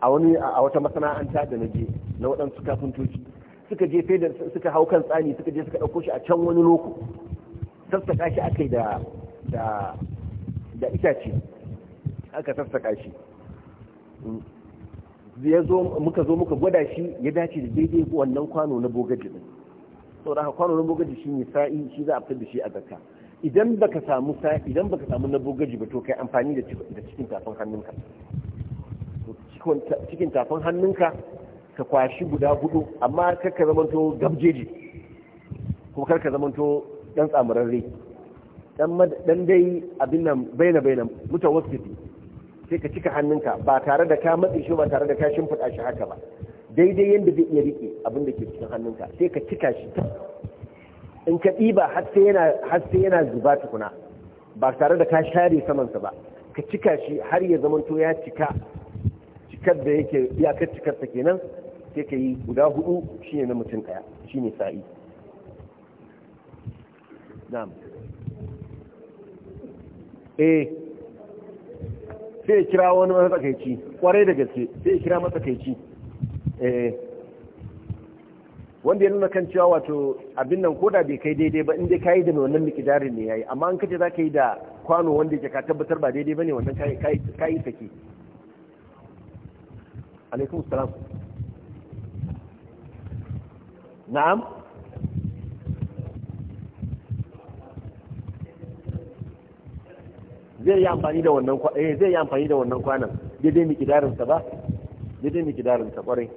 a wani a wata masana'anta da na je na waɗansu kafintoci suka jefe da suka hau kan tsani suka je suka ɗauko shi a can wani loko sassaƙa shi aka da da da itace aka sassaƙa shi ya zo muka zo muka gwada shi ya dace da daidai wannan kwano na bogaji din saboda haka kwano na bogaji shi ne sa'i shi za a fitar da shi a zakka idan baka samu sa'i idan baka samu na bogaji ba to kai amfani da cikin tafin hannunka cikin tafin hannunka ka kwashi guda hudu amma karka zama to gabjeji ko karka zama to dan tsamurarre dan dai abin nan baina baina mutawassiti sai ka cika hannunka ba tare da ka matsi shi ba tare da ka shimfiɗa shi haka ba daidai yadda zai iya rike abin da ke cikin hannunka sai ka cika shi in ka diba har sai yana zuba tukuna ba tare da ka share samansa ba ka cika shi har ya to ya cika cikar da yake iyakar cikarsa kenan sai ka yi guda hudu shine na mutum daya shine sa'i na'am eh sai kira wani matsakaici kwarai da gaske sai kira matsakaici eh wanda ya nuna kan cewa wato abin nan koda bai kai daidai ba inda ka yi da wannan mikidarin ne yayi amma an kace za ka yi da kwano wanda yake ka tabbatar ba daidai ba ne wannan ka yi sake alaikum salam نعم eh, zai yi amfani da wannan kwanan zai yi amfani da wannan kwanan daidai mikidarinsa ba daidai sa kwarai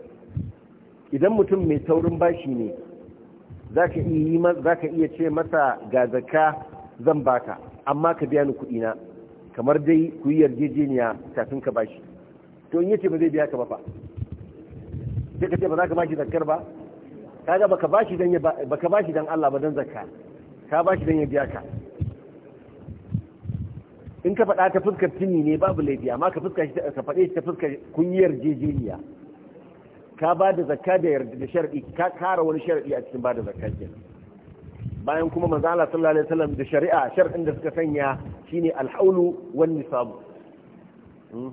idan mutum mai taurin bashi ne za ka iya ce masa ga zakka zan baka amma ka biya ni kuɗina kamar dai ku yi yarjejeniya kafin ka bashi to in yace ba zai biya ka ba fa sai ka ce ba za ka bashi zakkar ba kaga baka bashi dan baka bashi dan Allah ba dan zakka ka bashi dan ya biya ka in ka faɗa ta fuskar tuni ne babu laifi amma ka shi ka faɗe shi ta fuskar kunyar jejeniya ka ba da zakka da yarda da shar'i ka kara wani shar'i a cikin ba da zakka ke bayan kuma manzo Allah sallallahu alaihi wasallam da shari'a shar'in da suka sanya shine al haulu wan nisab hmm?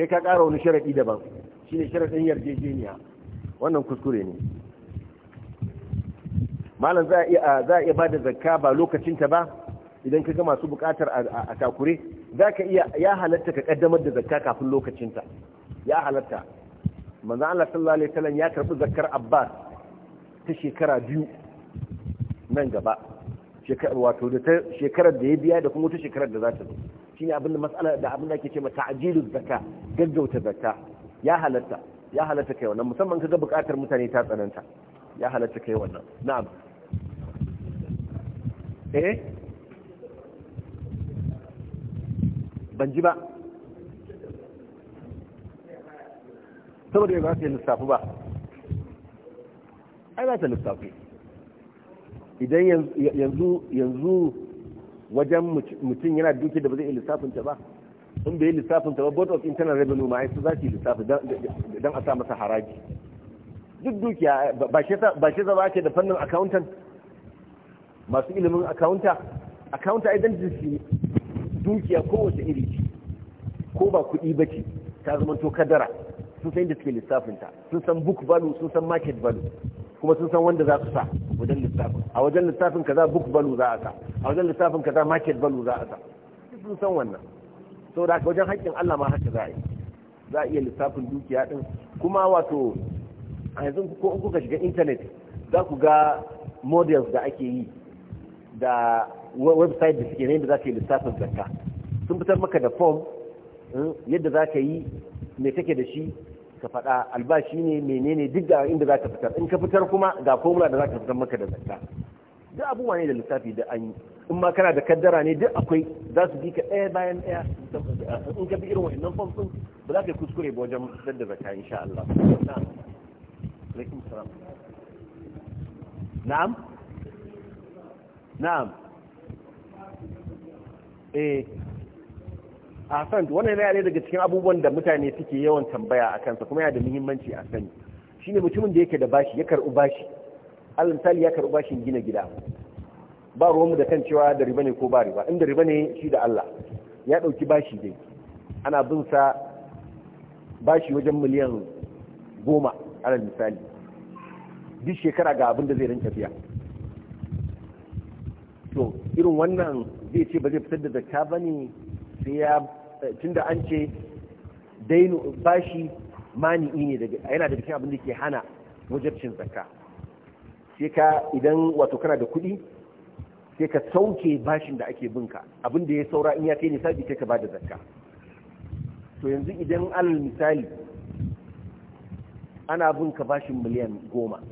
sai ka kara wani shar'i daban shine sharadin yarjejeniya wannan kuskure ne malam za a iya ba da zakka ba lokacin ta ba idan ka ga masu bukatar a takure za ka iya ya halatta ka kaddamar da zakka kafin lokacin ta, ya halatta manzo Allah sallallahu alaihi wasallam ya karbi zakkar Abbas ta shekara biyu nan gaba wato da shekarar da ya biya da kuma ta shekarar da za ta zo shine abin da mas'ala da abin da ake cewa ta'jilu zakka gaggauta zakka ya halatta ya halatta kai wannan musamman kaga bukatar mutane ta tsananta ya halatta kai wannan na'am eh ban ji ba saboda ba su yi lissafi ba ai ba ta lissafi idan yanzu yanzu wajen mutum yana duke da ba zai yi lissafinta ba in bai yi lissafinta ba board of internal revenue ma su za su yi lissafi don a sa masa haraji duk dukiya ba shi zama ake da fannin accountant masu ilimin akawunta akawunta identity dukiya kowace iri ce ko ba kuɗi ba ce ta zama to kadara sun san inda suke lissafinta sun san book value sun san market value kuma sun san wanda za su sa wajen lissafin a wajen lissafin ka za book value za a sa a wajen lissafin ka za market value za a sa sun san wannan da ka wajen haƙƙin Allah ma haka za a yi za a iya lissafin dukiya din kuma wato a yanzu ko in kuka shiga intanet za ku ga models da ake yi da website da suke na yadda za ka yi lissafin zakka sun fitar maka da form hmm, yadda za ka yi mai take da shi ka faɗa albashi ne menene duk da inda za ka fitar in ka fitar kuma ga formula da za ka fitar maka da zakka duk abubuwa ne da lissafi da an yi in ma kana da kaddara ne duk akwai za su bi ka ɗaya bayan ɗaya in ka bi irin wa'annan form ɗin ba za ka yi kuskure ba wajen fitar da zakka insha Allah na'am na'am eh ahsan wannan yana daga cikin abubuwan da mutane suke yawan tambaya a kansa kuma yana da muhimmanci a sani shine mutumin da yake da bashi ya karɓi bashi alal misali ya karɓi bashin gina gida ba mu da kan cewa da riba ne ko ba riba inda riba ne shi da Allah ya ɗauki bashi dai ana bin sa bashi wajen miliyan goma alal misali duk shekara ga abin da zai rinka biya to irin wannan zai ce ba zai fitar da zakka ba ne sai ya tunda an ce dainu bashi mani'i ne daga yana da cikin abin da ke hana wajabcin zakka sai ka idan wato kana da kuɗi sai ka sauke bashin da ake binka abin da ya saura in ya kai sa sai ka ba da zakka to yanzu idan alal misali ana binka bashin miliyan goma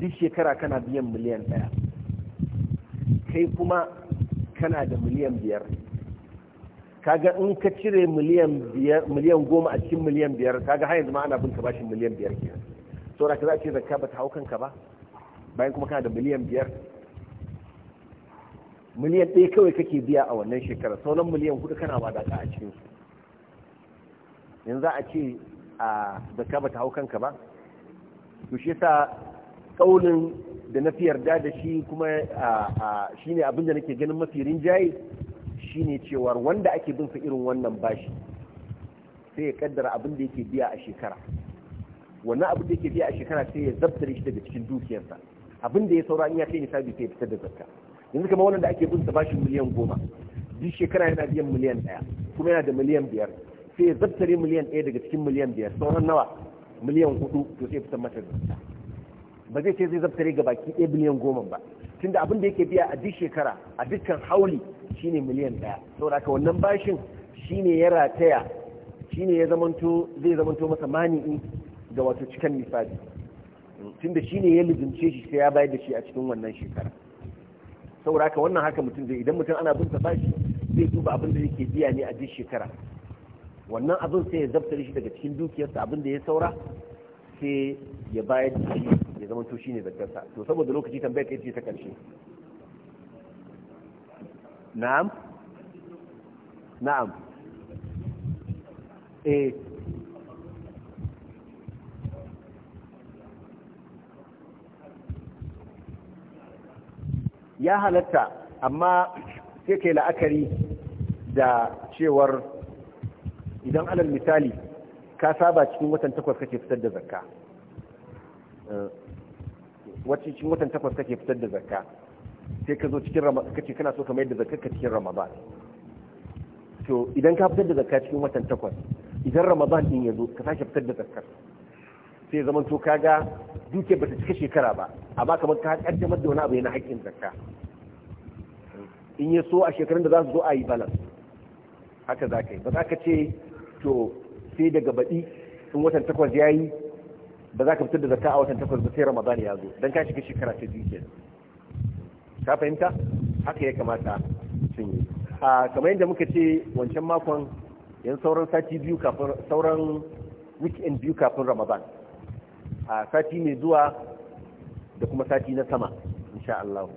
duk shekara kana biyan miliyan ɗaya kai kuma kana da miliyan biyar kaga in ka cire miliyan goma a cikin miliyan biyar kaga har yanzu ma ana binka bashin miliyan biyar kenan da ka za a ce zakka ba ta hau kanka ba bayan kuma kana da miliyan biyar miliyan ɗaya kawai kake biya a wannan shekarar sauran miliyan hudu kana wadata a cikin su yanzu za a ce a zakka ba ta hau kanka ba to shi yasa Kaunin da na fi yarda da shi kuma shi ne abinda nake ganin mafi rinjaye shi ne cewar wanda ake bin sa irin wannan bashi sai ya kaddara abin da yake biya a shekara wannan abin da yake biya a shekara sai ya zabtare shi daga cikin dukiyarsa abin da ya saura in ya kai nisabi sai ya fitar da zakka yanzu kamar wanda ake bin sa bashin miliyan goma duk shekara yana biyan miliyan ɗaya kuma yana da miliyan biyar sai ya zabtare miliyan ɗaya daga cikin miliyan biyar sauran nawa miliyan hudu to sai fitar mata da zakka ba zai ce zai zabtare ga baki ɗaya biliyan goma ba tunda abin da yake biya a duk shekara a dukkan hauli shine miliyan ɗaya saboda haka wannan bashin shine ya rataya shine ya zamanto zai zamanto masa mani'i ga wato cikan nisabi tunda shine ya lizince shi sai ya bayar da shi a cikin wannan shekara saboda haka wannan haka mutum zai idan mutum ana bin sa bashi zai duba abin da yake biya ne a duk shekara wannan abin sai ya zabtare shi daga cikin dukiyarsa abin da ya saura sai ya bayar da shi ya zama to shine zakkarsa to saboda lokaci tambayar kai ce ta karshe na'am na'am eh ya halatta amma sai kai la'akari da cewar idan alal misali ka saba cikin watan takwas kake fitar da zakka eh. wacce cikin watan takwas kake fitar da zakka sai ka zo cikin ramadan kace kana so ka mayar da zakka ka cikin ramadan to idan ka fitar da zakka cikin watan takwas idan ramadan din ya zo ka sake fitar da zakkar sai zaman to kaga duke bata cika shekara ba amma kamar ka kaddamar da wani abu yana haƙƙin zakka in ya so a shekarun da za su zo a yi balance haka za ka yi ba za ka ce to sai daga baɗi in watan takwas ya yi ba za ka fitar da zakka a watan takwas ba sai ramadan ya zo dan ka shiga shekara ta biyu kenan ka fahimta haka ya kamata sun yi a kamar yadda muka ce wancan makon yan sauran sati biyu kafin sauran weekend biyu kafin ramadan a sati mai zuwa da kuma sati na sama insha Allah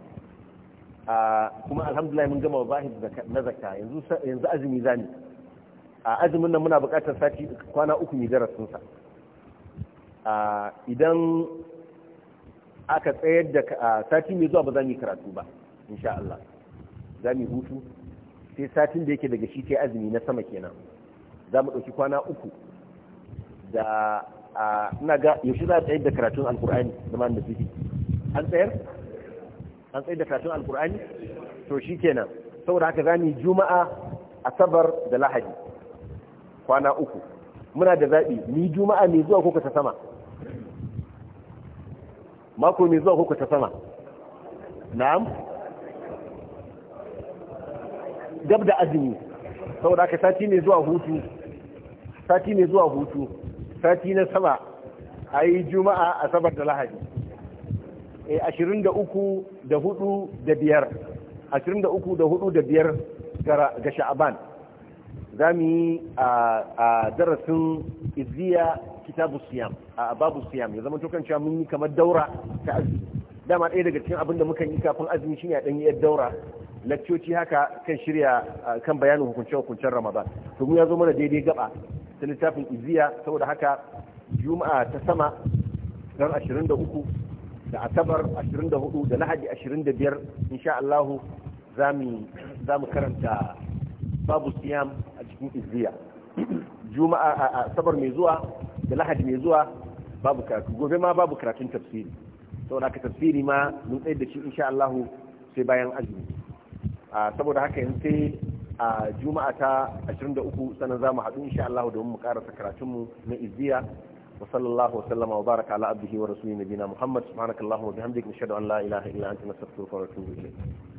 kuma alhamdulillah mun gama bahi na zakka yanzu yanzu azumi zani a azumin nan muna buƙatar sati kwana uku mai darasin sa idan aka tsayar da sati mai zuwa ba za mu yi karatu ba insha Allah za mu hutu sai satin da yake daga shi sai azumi na sama kenan za mu ɗauki kwana uku da ina ga yaushe za a tsayar da karatun alkur'ani da man da fifi an tsayar an tsayar da karatun alkur'ani to shi kenan saboda haka za mu yi juma'a asabar da lahadi kwana uku muna da zaɓi ni juma'a mai zuwa ko ta sama mako mai zuwa kuka ta sama na'am gab da azumi saboda aka sati ne zuwa hutu sati ne zuwa hutu sati na sama a yi juma'a a sabar da lahadi eh, ashirin da uku da hudu da biyar ashirin da uku da hudu da biyar ga sha'aban za mu yi a darasin iziya kitabu siyam a babu siyam ya zama tokan cewa mun yi kamar daura ta azumi dama ɗaya daga cikin abin da muka yi kafin azumi shine a ɗanyi yar daura lakcoci haka kan shirya kan bayanin hukunce-hukuncen ramadan to mu ya zo mana daidai gaba ta littafin iziya saboda haka juma'a ta sama ran ashirin da uku da asabar ashirin da hudu da lahadi ashirin da biyar insha Allahu za mu karanta babu siyam a cikin iziya juma'a a asabar mai zuwa da lahadi mai zuwa babu karatu gobe ma babu karatun tafsiri saboda ka tafsiri ma mun tsaye da shi insha Allah sai bayan azumi saboda haka yanzu sai a juma'a ta 23 sanan zamu haɗu insha Allah domin mu karasa karatun mu na izziya wa sallallahu wa sallama wa baraka ala abdihi wa rasulina nabina Muhammad subhanakallahumma wa bihamdika ashhadu an la ilaha illa anta astaghfiruka wa atubu ilayk